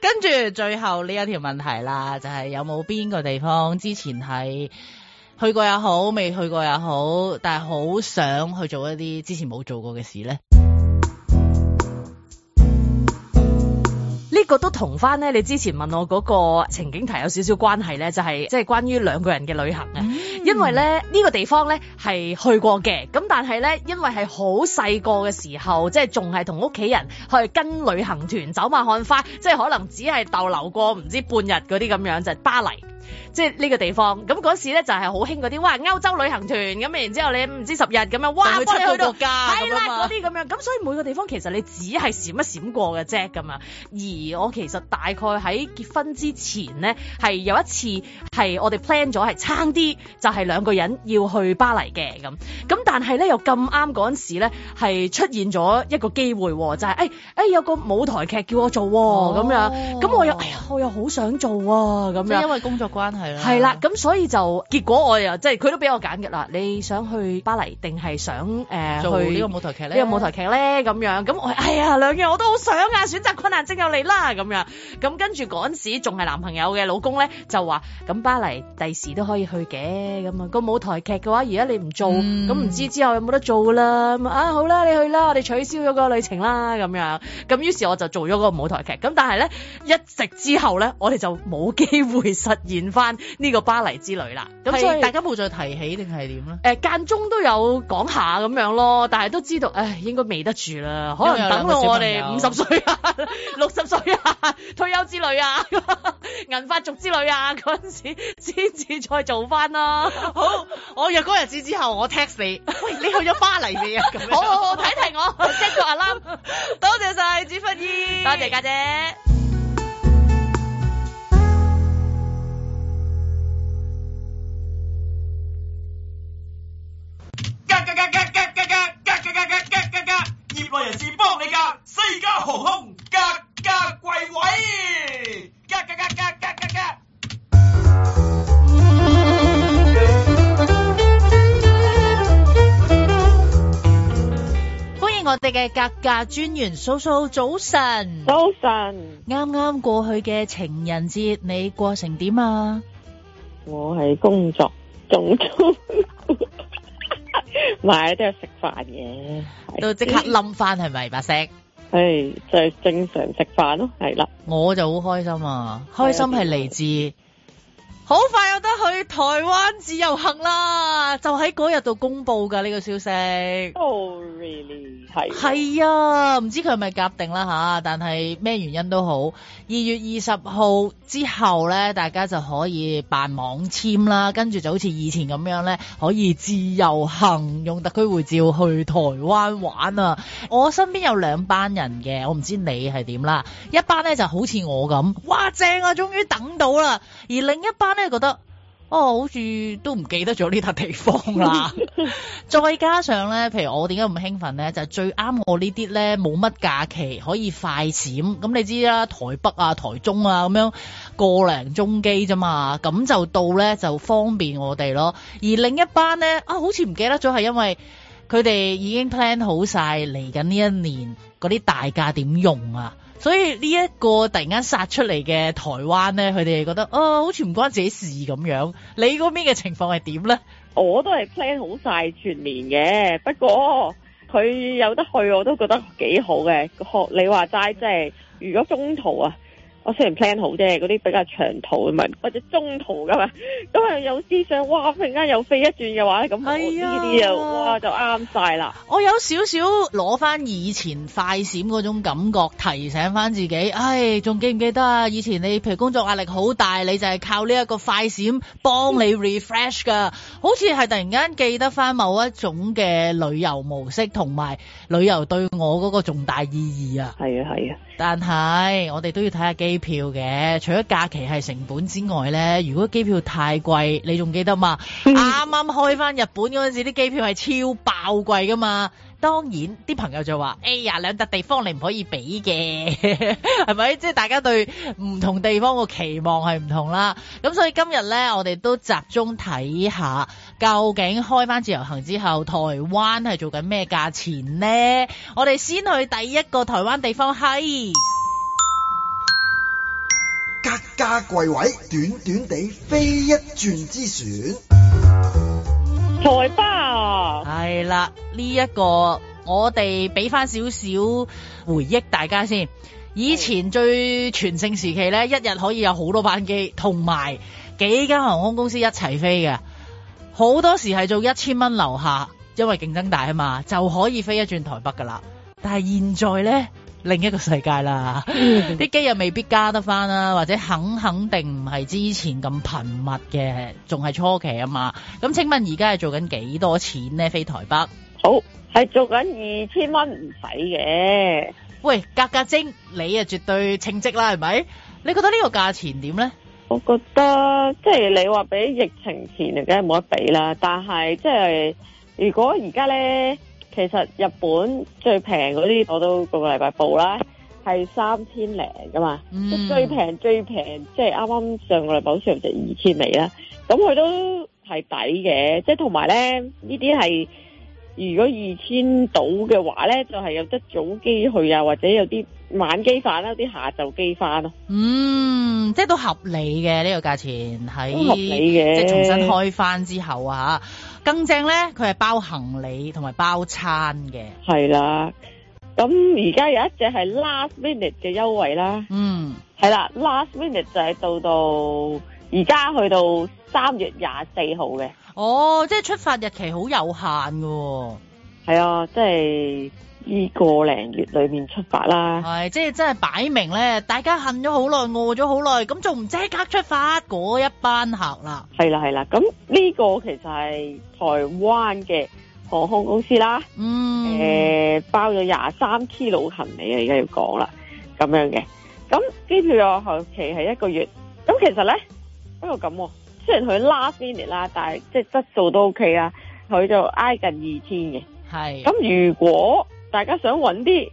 跟住最後呢一條問題啦，就係、是、有冇邊個地方之前係去過也好，未去過也好，但係好想去做一啲之前冇做過嘅事咧？個都同翻咧，你之前問我嗰個情景題有少少關係咧，就係即係關於兩個人嘅旅行啊、嗯。因為咧呢個地方咧係去過嘅，咁但係咧因為係好細個嘅時候，即係仲係同屋企人去跟旅行團走馬看花，即係可能只係逗留過唔知半日嗰啲咁樣，就係巴黎。即係呢個地方，咁嗰時咧就係好興嗰啲，哇！歐洲旅行團，咁然之後你唔知十日咁樣，哇！幫你去到係，那個、啦嗰啲咁樣，咁所以每個地方其實你只係閃一閃過嘅啫咁樣。而我其實大概喺結婚之前咧，係有一次係我哋 plan 咗係撐啲，就係兩個人要去巴黎嘅咁。咁但係咧又咁啱嗰陣時咧，係出現咗一個機會，就係、是、哎，誒、哎、有個舞台劇叫我做咁、哦哦、樣，咁我又哎呀我又好想做咁、啊、樣。即係因為工作關係啦，咁所以就結果我又即係佢都俾我揀嘅啦。你想去巴黎定係想誒做呢個舞台劇咧？呢個舞台劇咧咁樣咁，我哎呀兩樣我都好想啊！選擇困難症又嚟啦咁樣咁，跟住嗰陣時仲係男朋友嘅老公咧，就話咁巴黎第時都可以去嘅，咁啊個舞台劇嘅話，而家你唔做咁唔知之後有冇得做啦咁，啊好啦，你去啦，我哋取消咗個旅程啦咁樣咁。於是我就做咗嗰個舞台劇咁，但係咧一直之後咧，我哋就冇機會實現翻呢個巴黎之旅啦，咁所以大家冇再提起定係點咧？誒間、呃、中都有講下咁樣咯，但係都知道，唉應該未得住啦，可能等到我哋五十歲啊、六十歲啊、退休之類啊、銀髮族之類啊嗰陣時先至再做翻啦。好，我約嗰日子之後我 text 你。 [LAUGHS] 喂，你去咗巴黎未啊樣？好好好，睇睇我。接個阿啦多謝曬朱淑姨多謝家姐，姐。格格格格格格格格格格格！業內人士幫你噶，西加航空格價櫃位。格格格格格格格！歡迎我哋嘅格價專員，叔叔早晨，早晨。啱啱過去嘅情人節，你過成點啊？我係工作重中。買都係食飯嘅，都即刻冧翻係咪？白色，係就係、係、正常食飯咯。係啦，我就好開心啊！開心係嚟自好快有得去台灣自由行啦！就喺嗰日度公布噶呢個消息。哦，really？係係啊，唔知佢係咪夾定啦吓，但係咩原因都好，二月二十號之後咧，大家就可以辦網簽啦，跟住就好似以前咁樣咧，可以自由行用特區護照去台灣玩啊！我身邊有兩班人嘅，我唔知你係點啦。一班咧就好似我咁，哇正啊，終於等到啦！而另一班。即係覺得哦，好似都唔記得咗呢笪地方啦。 [LAUGHS] 再加上咧，譬如我點解咁興奮咧，就是、最啱我呢啲咧，冇乜假期可以快閃。咁你知啦，台北啊、台中啊咁樣個零鐘機啫嘛，咁就到咧就方便我哋咯。而另一班咧，啊、哦，好似唔記得咗，係因為佢哋已經 plan 好晒嚟緊呢一年嗰啲大假點用啊。所以呢一個突然間殺出嚟嘅台灣呢，佢哋覺得、哦、好似唔關自己事咁樣。你嗰邊嘅情況係點呢？我都係 plan 好晒全年嘅，不過佢有得去我都覺得幾好嘅。學你話齋，即係如果中途啊～我雖然 plan 好啫，嗰啲比較長途啊嘛，或者中途噶嘛，都係有思想哇，突然間又飛一轉嘅話，咁呢啲啊，哇就啱晒啦！我有少少攞翻以前快閃嗰種感覺，提醒翻自己，唉，仲記唔記得啊？以前你譬如工作壓力好大，你就係靠呢一個快閃幫你 refresh 㗎、嗯，好似係突然間記得翻某一種嘅旅遊模式，同埋旅遊對我嗰個重大意義啊！係啊，係啊。但係，我哋都要睇下機票嘅。除咗假期係成本之外咧，如果機票太貴，你仲記得、嗯、剛剛嘛？啱啱開翻日本嗰陣時，啲機票係超爆貴噶嘛？當然，啲朋友就話：哎呀，兩笪地方你唔可以俾嘅，係咪？即係大家對唔同地方嘅期望係唔同啦。咁所以今日呢，我哋都集中睇下，究竟開翻自由行之後，台灣係做緊咩價錢呢？我哋先去第一個台灣地方，係格價貴位，短短地飛一轉之選。台北，係啦呢一個，我哋俾翻少少回憶大家先。以前最全盛時期呢，一日可以有好多班機，同埋幾間航空公司一齊飛嘅，好多時係做一千蚊樓下，因為競爭大啊嘛，就可以飛一轉台北噶啦。但係現在呢。另一個世界啦，啲機又未必加得翻啦，或者肯肯定唔係之前咁頻密嘅，仲係初期啊嘛。咁請問而家係做緊幾多錢咧？飛台北？好，係做緊二千蚊唔使嘅。喂，格格精，你啊絕對稱職啦，係咪？你覺得呢個價錢點咧？我覺得即係你話比疫情前嚟梗係冇得比啦。但係即係如果而家咧。其實日本最平嗰啲我都個個禮拜報啦，係三千零㗎嘛，嗯、最平最平即係啱啱上個禮拜好似就二千幾啦，咁佢都係抵嘅，即係同埋咧呢啲係如果二千到嘅話咧，就係、是、有得早機去啊，或者有啲晚機返啦，啲下晝機返咯。嗯，即係都合理嘅呢、呢個價錢係即係重新開翻之後啊。更正咧，佢係包行李同埋包餐嘅，係啦。咁而家有一隻係 last minute 嘅優惠啦，嗯，係啦，last minute 就係到到而家去到三月廿四號嘅。哦，即係出發日期好有限喎，係啊，即係。呢個零月裏面出發啦，係即係真係擺明咧，大家恨咗好耐，餓咗好耐，咁仲唔即刻出發嗰一班客啦？係啦係啦，咁呢個其實係台灣嘅航空公司啦，嗯，誒、呃、包咗廿三 kg 行李啊，而家要講啦，咁樣嘅，咁機票又後期係一個月，咁其實咧，不過咁，雖然佢 last minute 啦，但係即係質素都 OK 啦，佢就挨近二千嘅，係，咁如果。大家想搵啲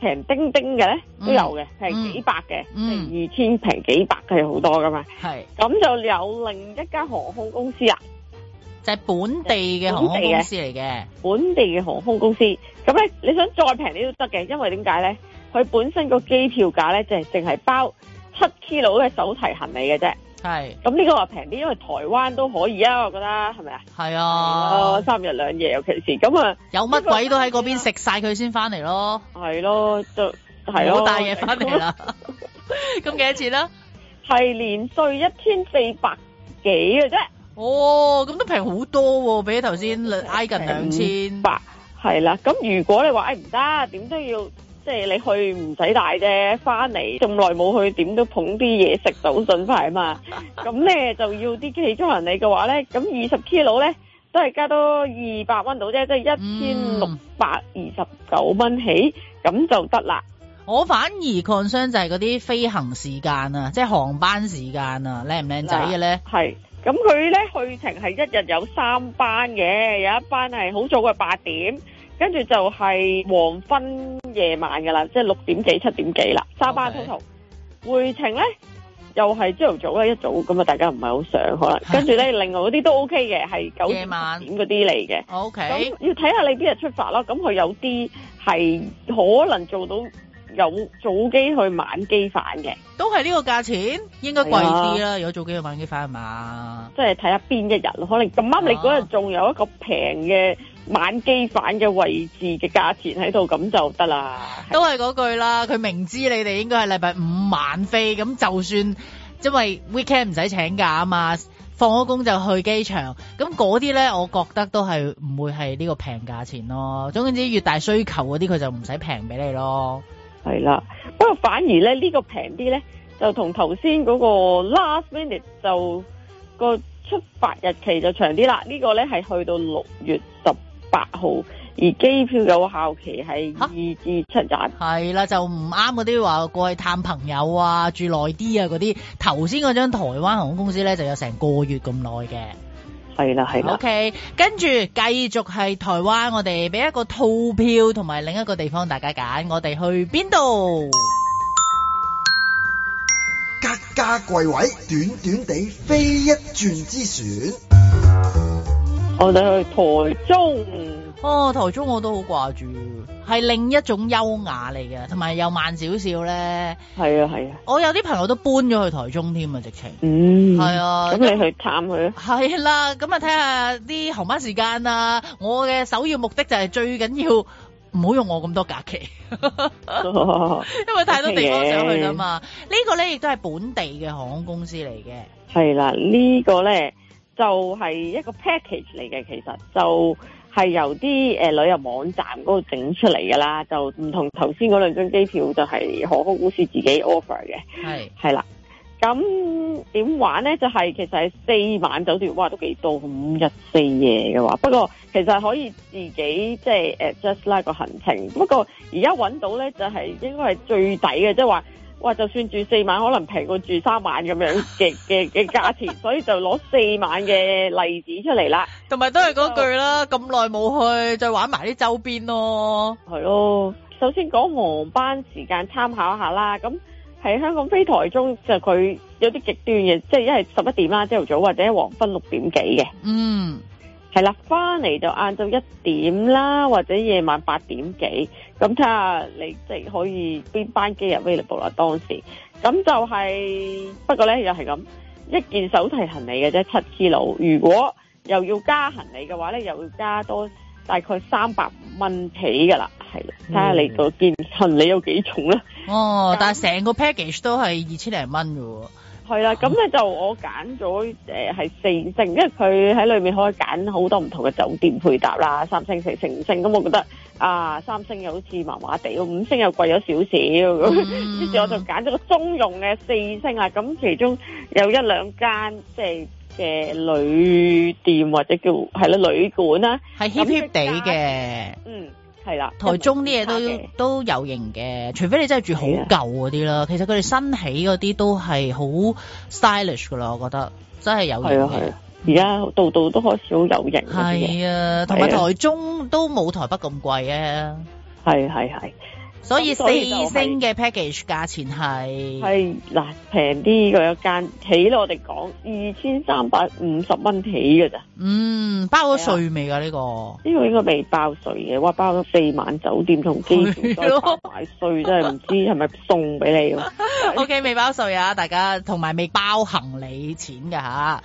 平叮叮嘅咧，都有嘅，平、嗯、幾百嘅，平二千平幾百嘅好多噶嘛。係，咁就有另一間航空公司啊，就係、是、本地嘅航空公司嚟嘅，本地嘅航空公司。咁咧，你想再平啲都得嘅，因為點解咧？佢本身個機票價咧，就係淨係包七 kilogram 嘅手提行李嘅啫。係，咁呢個話平啲，因為台灣都可以啊，我覺得係咪啊？係、嗯、啊，三日兩夜尤其是，咁啊，啊，有乜鬼都喺嗰邊食晒佢先翻嚟咯。係 [LAUGHS] 咯、 [LAUGHS] 啊，就係咯，好帶嘢翻嚟啦。咁幾多錢啦？係連稅一千四百幾嘅啫。哦，咁都平好多、啊，比起頭先、okay. 挨近兩千八。係啦、啊，咁如果你話挨唔得，點、哎、都要。即係你去唔使帶啫，翻嚟咁耐冇去，點都捧啲嘢食到，順排嘛。咁 [LAUGHS] 咧就要啲其中行李嘅話咧，咁二十 kilo 呢，咧都係加多二百蚊到啫，即係一千六百二十九蚊起，咁就得啦。我反而 concern 就係嗰啲飛行時間啊，即係航班時間啊，靚唔靚仔嘅咧？係。咁佢咧去程係一日有三班嘅，有一班係好早嘅八點。跟住就係黃昏夜晚噶啦，即係六點幾七點幾啦，沙巴出頭。回程咧又係朝頭早啦，一早咁啊，大家唔係好想可能。跟住咧，另外嗰啲都 O K 嘅，係九點嗰啲嚟嘅。O K。咁要睇下你邊日出發咯，咁佢有啲係可能做到有早機去晚機返嘅。都係呢個價錢，應該貴啲啦。有早機去晚機返係嘛？即係睇下邊一日咯，可能咁啱你嗰日仲有一個平嘅。晚機返嘅位置嘅價錢喺度咁就得啦，都係嗰句啦。佢明知你哋應該係禮拜五晚飛，咁就算因為 weekend 唔使請假啊嘛，放咗工就去機場。咁嗰啲咧，我覺得都係唔會係呢個平價錢咯。總之，越大需求嗰啲，佢就唔使平俾你咯。係啦，不過反而咧呢個平啲咧，就同頭先嗰個 last minute 就個出發日期就長啲啦。呢個咧係去到六月十。八號，而機票有效期係二至七日。係、啊、啦，就唔啱嗰啲話過去探朋友啊，住耐啲啊嗰啲。頭先嗰張台灣航空公司咧就有成個月咁耐嘅。係啦，係啦。O K，跟住繼續係台灣，我哋俾一個套票同埋另一個地方大家揀，我哋去邊度？格價櫃位，短短地飛一轉之選。我哋去台中哦，台中我都好掛住，係另一種優雅嚟嘅，同埋又慢少少咧。係啊係啊，我有啲朋友都搬咗去台中添啊，直情。嗯，係啊。咁你去探佢咧？係啦，咁啊睇下啲航班時間啊。我嘅首要目的就係最緊要唔好用我咁多假期 [LAUGHS] 哦，因為太多地方想去啦嘛。這個、呢個咧亦都係本地嘅航空公司嚟嘅。係啦、啊，這個、呢個咧。就係、是、一個 package 嚟嘅，其實就係由啲誒旅遊網站嗰度整出嚟㗎啦，就唔同頭先嗰兩張機票就係航空公司自己 offer 嘅，係係啦。咁點玩呢？就係、是、其實係四晚酒店，哇都幾多五日四夜嘅話，不過其實可以自己即係誒 just like 個行程。不過而家揾到呢，就係應該係最抵嘅，即係話。哇！就算住四晚，可能平過住三晚咁樣嘅嘅嘅價錢， [LAUGHS] 所以就攞四晚嘅例子出嚟啦。同埋都係嗰句啦，咁耐冇去，再玩埋啲周邊咯。係咯，首先講航班時間參考一下啦。咁喺香港飛台中就佢有啲極端嘅，即係一係十一點啦，朝頭早或者黃昏六點幾嘅。嗯，係啦，翻嚟就晏晝一點啦，或者夜晚八點幾。咁睇下你即可以邊班機入威 l e 啦，當時咁就係、是、不過咧又係咁一件手提行李嘅啫七支路。如果又要加行李嘅話咧，又要加多大概三百蚊起㗎啦，睇下你個件行李有幾重啦、嗯、 [LAUGHS] 哦，但係成個 package 都係二千零蚊喎。係啦，咁咧就我揀咗誒係四星，因為佢喺裏面可以揀好多唔同嘅酒店配搭啦，三星、四星、五星，咁我覺得啊三星又好似麻麻地，五星又貴咗少少，跟住我就揀咗個中用嘅四星啊，咁其中有一兩間即係嘅旅店或者叫係啦旅館啦，係 cheap cheap 地嘅。係啦，台中啲嘢都都有型嘅，除非你真係住好舊嗰啲啦。啊、其實佢哋新起嗰啲都係好 stylish 噶喇。我覺得真係有型。係啊，而家度度都開始好有型。係啊，同埋台中都冇台北咁貴啊。係係係。所以四星嘅 package 價錢係係嗱平啲佢，一間起，我哋講二千三百五十蚊起嘅咋？嗯，包咗稅未噶呢個？呢、嗯，這個應該未包稅嘅。哇，包咗四晚酒店同機票稅，稅 [LAUGHS] 真係唔知係咪送俾你？OK，未包稅啊，大家同埋未包行李錢嘅吓。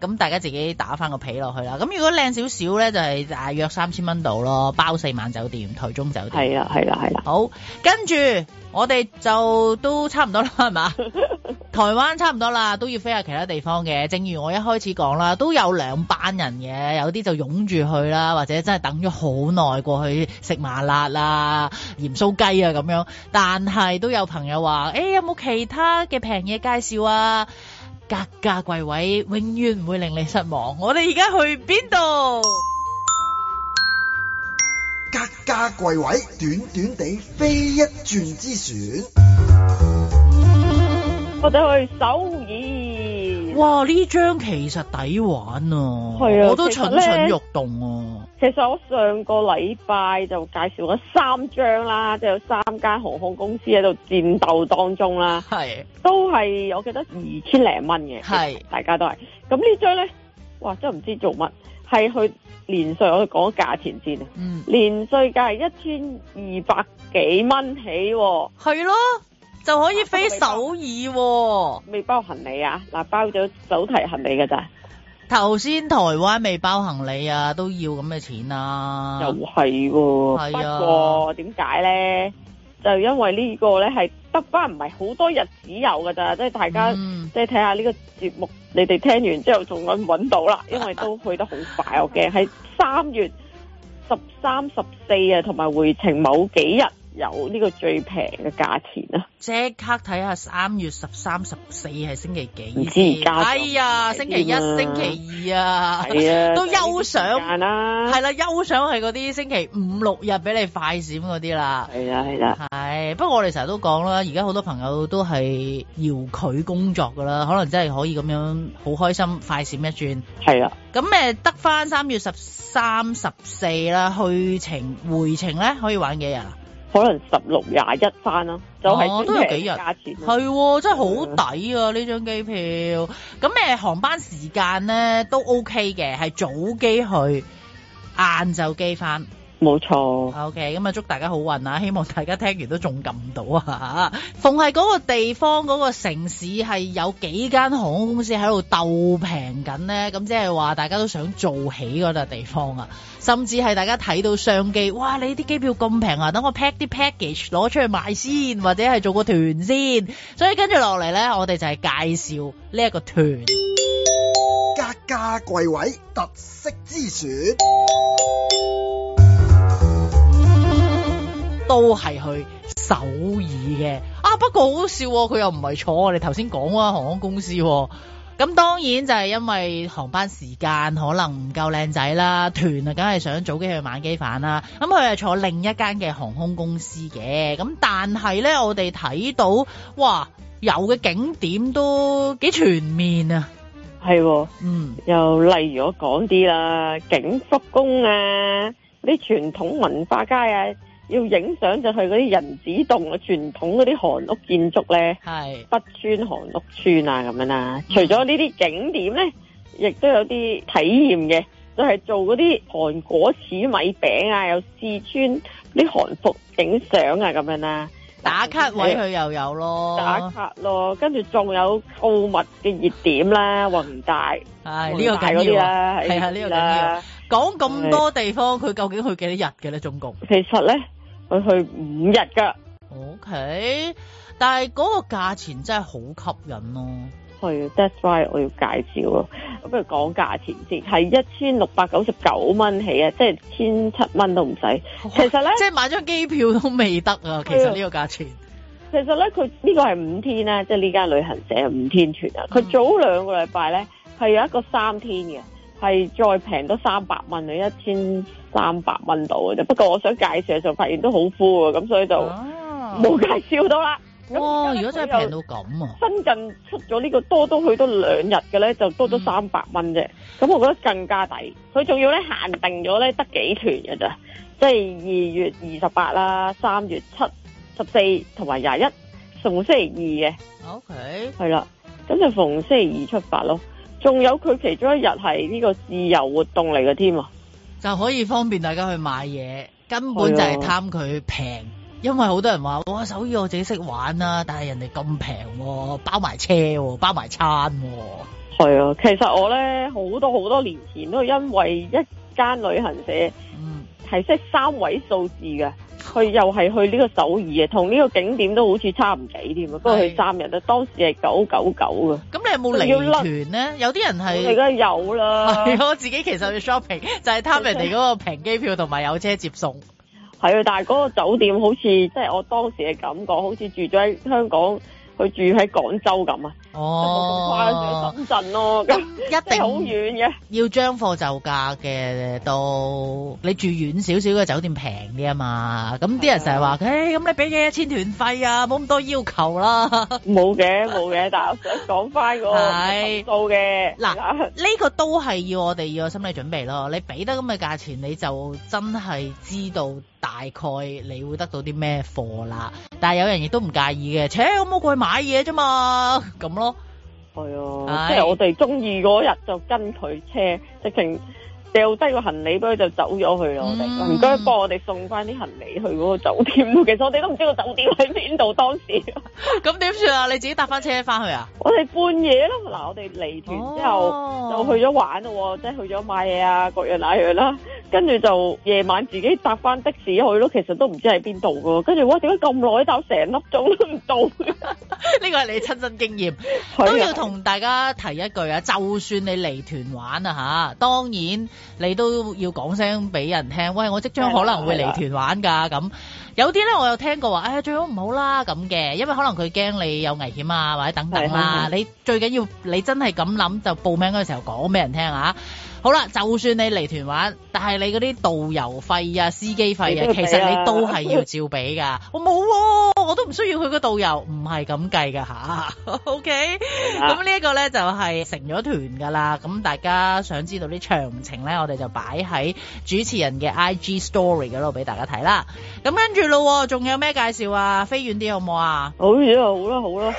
咁大家自己打翻個皮落去啦。咁如果靚少少呢，就係、是、大約三千蚊度咯，包四晚酒店、台中酒店。係啦，係啦，係啦。好，跟住我哋就都差唔多啦，係嘛？ [LAUGHS] 台灣差唔多啦，都要飛下其他地方嘅。正如我一開始講啦，都有兩班人嘅，有啲就擁住去啦，或者真係等咗好耐過去食麻辣啦、鹽酥雞啊咁樣。但係都有朋友話，誒、欸、有冇其他嘅平嘢介紹啊？格家貴位永遠唔會令你失望，我哋而家去邊度？格家貴位短短地飛一轉之船， [MUSIC] 我哋去首爾。哇！呢張其實抵玩啊，係啊，我都蠢蠢欲動、啊其。其實我上個禮拜就介紹咗三張啦，即係有三間航空公司喺度戰鬥當中啦。係，都係我記得、嗯、二千零蚊嘅。係，大家都係。咁呢張呢？哇！真係唔知做乜，係去年稅我哋講價錢先啊。嗯，連稅價係一千二百幾蚊起、啊。係咯。就可以飛首爾，啊，未包，包行李啊？嗱，包咗手提行李㗎咋？頭先台灣未包行李啊，都要咁嘅錢啊？又係喎，不過點解咧？就因為呢個咧係得翻唔係好多日子有㗎咋，嗯，即係大家即係睇下呢個節目，你哋聽完之後仲可揾到啦，因為都去得好快，我驚喺三月十三、十四啊，同 [LAUGHS] 埋回程某幾日。有呢個最平嘅價錢啊！即刻睇下三月十三十四係星期幾？唔知哎呀，星期一、星期二啊，啊都休想，啦、啊，係啦、啊，休想係嗰啲星期五六日俾你快閃嗰啲啦。係啊，係啦、啊，係。不過我哋成日都講啦，而家好多朋友都係遙距工作㗎啦，可能真係可以咁樣好開心快閃一轉。係啊，咁咪得返三月十三十四啦？去程、回程咧可以玩幾日？可能十六廿一翻咯，就係、是哦，都有幾日，價錢，係真係好抵啊！呢張機票，咁誒航班時間咧都 OK 嘅，係早機去，晏晝機翻。冇錯。O K，咁啊，祝大家好運啊！希望大家聽完都仲撳到啊！ [LAUGHS] 逢係嗰個地方嗰個城市係有幾間航空公司喺度鬥平緊咧，咁即係話大家都想做起嗰笪地方啊，甚至係大家睇到商機，哇！你啲機票咁平啊，等我 pack 啲 package 攞出去賣先，或者係做個團先。所以跟住落嚟咧，我哋就係介紹呢一個團，格價貴位，特色之選。都係去首爾嘅啊，不過好笑、哦，佢又唔係坐我哋頭先講啦航空公司咁、哦，當然就係因為航班時間可能唔夠靚仔啦，團啊梗係想早機去晚機返啦。咁佢係坐另一間嘅航空公司嘅，咁但係呢，我哋睇到哇，有嘅景點都幾全面啊，係、哦、嗯，又例如我講啲啦，景福宮啊，啲傳統文化街啊。要影相就去嗰啲仁寺洞啊，傳統嗰啲韓屋建築咧，係北村韓屋村啊咁樣啦、啊。除咗呢啲景點咧，亦都有啲體驗嘅，就係、是、做嗰啲韓果子、米餅啊，有試穿啲韓服影相啊咁樣啦、啊。打卡位佢又有咯，打卡咯，跟住仲有購物嘅熱點啦，弘大。係、哎、呢、啊這個緊要、啊，係啊呢、啊這個緊要、啊。講咁多地方，佢究竟去幾多日嘅咧？總共其實咧。佢去五日噶，OK，但係嗰個價錢真係好吸引咯。係 [NOISE] ，That's why、right, 我要介紹咯。不如講價錢先，係一千六百九十九蚊起啊，即係千七蚊都唔使。其實咧，即係買張機票都未得啊。其實呢個價錢，其實咧佢 [NOISE] 呢個係五天咧、啊，即係呢間旅行社五天團啊。佢、嗯、早兩個禮拜咧係有一個三天嘅。係再平多三百蚊，就一千三百蚊度嘅啫。不過我想介紹就發現都好 full 嘅，咁所以就冇介紹到啦。哇！如果真係平到咁，啊，深圳出咗呢個多都去多兩日嘅咧，就多咗三百蚊啫。咁、嗯、我覺得更加抵，佢仲要咧限定咗咧得幾團嘅咋，即係二月二十八啦、三月七、十四同埋廿一，逢星期二嘅。OK，係啦，咁就逢十星期二出發咯。仲有佢其中一日係呢個自由活動嚟嘅添啊，就可以方便大家去買嘢，根本就係貪佢平，因為好多人話哇，首爾我自己識玩啦，但係人哋咁平，包埋車，包埋餐。係啊，其實我咧好多好多年前都因為一間旅行社，係識三位數字嘅。嗯佢又係去呢個首爾啊，同呢個景點都好似差唔幾添啊，不過去三日啊，當時係九九九噶。咁你有冇領團咧？有啲人係我而家有啦。我自己其實去 shopping 就係、是、貪人哋嗰個平機票同埋有車接送。係啊，但係嗰個酒店好似即係我當時嘅感覺，好似住咗喺香港。佢住喺廣州咁啊，哦，翻去深圳咯，咁、嗯、一定好 [LAUGHS] 遠嘅，要將貨就價嘅都，到你住遠少少嘅酒店平啲啊嘛，咁啲人成日話，誒、哎，咁你俾幾一千團費啊，冇咁多要求啦，冇嘅冇嘅，但係我想講翻個 [LAUGHS] 數嘅，嗱呢、這個都係要我哋要有心理準備咯，你俾得咁嘅價錢，你就真係知道。大概你會得到啲咩貨啦，但係有人亦都唔介意嘅， [NOISE] 車，咁好過去買嘢啫嘛，咁咯，係 [NOISE] 啊，哎、即係我哋中意嗰日就跟佢車，直情。掉低個行李他了了，嗯謝謝，畀佢就走咗去咯。我哋唔該，幫我哋送翻啲行李去嗰個酒店。其實我哋都唔知道個酒店喺邊度。當時咁點算啊？你自己搭翻車翻去啊？ [LAUGHS] 我哋半夜咯。嗱，我哋離團之後就去咗玩咯，哦，即係去咗買嘢啊，各樣那樣啦。跟住就夜晚自己搭翻的士去咯。其實都唔知喺邊度噶。跟住哇，點解咁耐搭成粒鐘都唔到？呢個係你親身經驗， [LAUGHS] 都要同大家提一句啊！就算你離團玩啊吓，當然。你都要講聲俾人聽，喂，我即將可能會離團玩噶，咁，有啲呢，我有聽過話，哎呀，最好唔好啦咁嘅，因為可能佢驚你有危險啊或者等等啦，啊，你最緊要你真係咁諗就報名嗰時候講俾人聽啊。好啦，就算你嚟團玩，但係你嗰啲導遊費啊、司機費啊，其實你都係要照俾噶。 [LAUGHS] 我冇、啊，我都唔需要佢個導遊，唔係咁計噶吓。OK，咁、啊、呢一個咧就係、是、成咗團噶啦。咁大家想知道啲詳情咧，我哋就擺喺主持人嘅 IG Story 嗰度俾大家睇啦。咁跟住咯，仲有咩介紹啊？飛遠啲好唔好啊？好啦，好啦，好啦，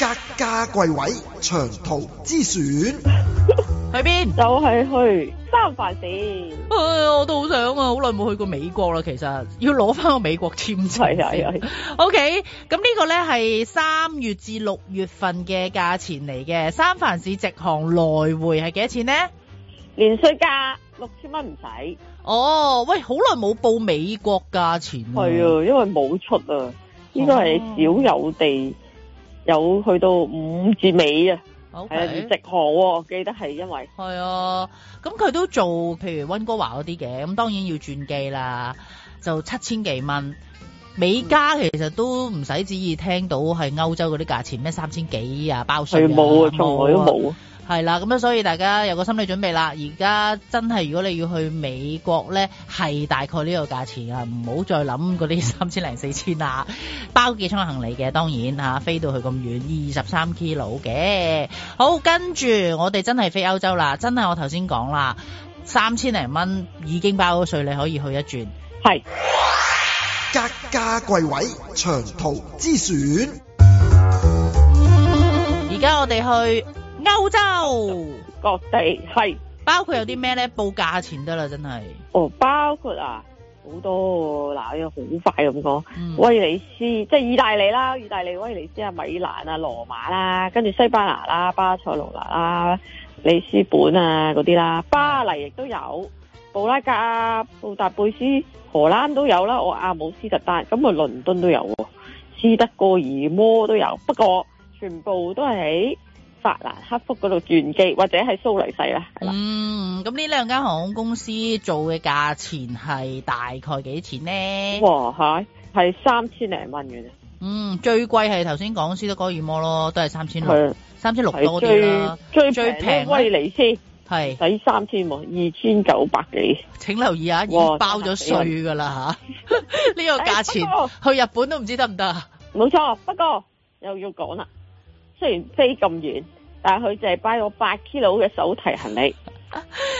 格價貴位長途之選。 [LAUGHS] 去邊？就係、是、去三藩市。唉、哎，我都好想啊，好耐冇去過美國啦。其實要攞翻個美國簽證。啊。O K，咁呢個呢係三月至六月份嘅價錢嚟嘅。三藩市直航來回係幾多錢呢？年稅價六千蚊唔使。哦，喂，好耐冇報美國價錢。係啊，因為冇出啊，應該係少有地有去到五字尾啊。好，係啊，直航、哦，記得係因為，係啊，咁佢都做，譬如溫哥華嗰啲嘅，咁當然要轉機啦，就七千幾蚊，美加其實都唔使旨意聽到係歐洲嗰啲價錢咩，三千幾啊包稅、啊，冇啊，從來都冇啊。係啦，咁樣所以大家有個心理準備啦。而家真係，如果你要去美國呢，係大概呢個價錢啊，唔好再諗嗰啲三千零四千啦。包寄倉行李嘅，當然吓、啊、飛到去咁遠，二十三 kilo 嘅好。跟住我哋真係飛歐洲啦，真係我頭先講啦，三千零蚊已經包咗稅，你可以去一轉係格價，家貴位長途之選。而家我哋去。歐洲，歐洲各地係包括有啲咩呢？報價錢得啦，真係哦，包括啊好多嗱、啊，要好快咁講、嗯，威尼斯即係意大利啦、啊，意大利威尼斯啊，米蘭啊，羅馬啦、啊，跟住西班牙啦、啊，巴塞羅那啦，里斯本啊嗰啲啦，巴黎亦都有，布拉格布達貝啊，布達佩斯，荷蘭都有啦，我阿姆斯特丹，咁啊倫敦都有、啊，斯德哥爾摩都有，不過全部都係喺。法蘭、克福嗰度轉機，或者係蘇黎世啦，係啦。嗯，咁呢兩間航空公司做嘅價錢係大概幾錢咧？哇嚇，係三千零蚊嘅。嗯，最貴係頭先講斯德哥爾摩咯，都係三千六，三千六多啲啦。最最平威尼斯，係，使三千二千九百幾。請留意啊，哇，已經包咗稅㗎啦嚇。呢 [LAUGHS] 個價錢、哎、去日本都唔知得唔得？冇錯，不過又要講啦。雖然飛咁遠，但係佢淨係擺咗八 kilo 嘅手提行李，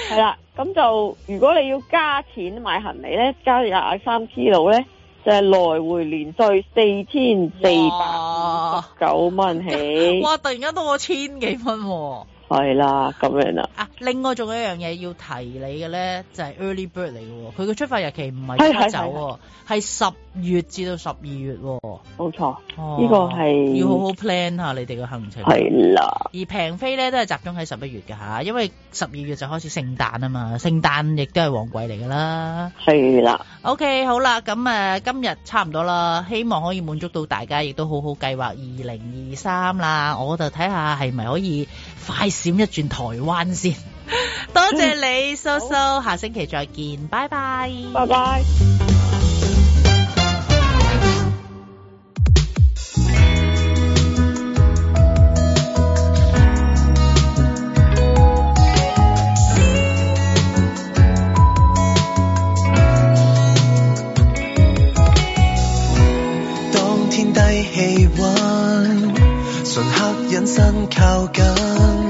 係 [LAUGHS] 啦，咁就如果你要加錢買行李咧，加廿三 kilo 呢，咧，就係、是、來回連稅四千四百九蚊起哇。哇！突然間多我千幾蚊、哦。係啦，咁樣啦，啊。啊，另外仲有一樣嘢要提你嘅咧，就係、係、early bird 嚟嘅喎。佢嘅出發日期唔係即刻走，係十月至到十二月。冇錯，呢、啊呢個係要好好 plan 下你哋嘅行程。係啦。而平飛咧都係集中喺十一月㗎。因為十二月就開始聖誕啊嘛，聖誕亦都係旺季嚟㗎啦。係啦。OK，好啦，咁、呃、今日差唔多啦，希望可以滿足到大家，亦都好好計劃二零二三啦。我就睇下係咪可以快。閃一轉台灣先，多謝你蘇蘇，下星期再見，拜拜，拜拜。當天低氣溫，唇刻隱身靠近。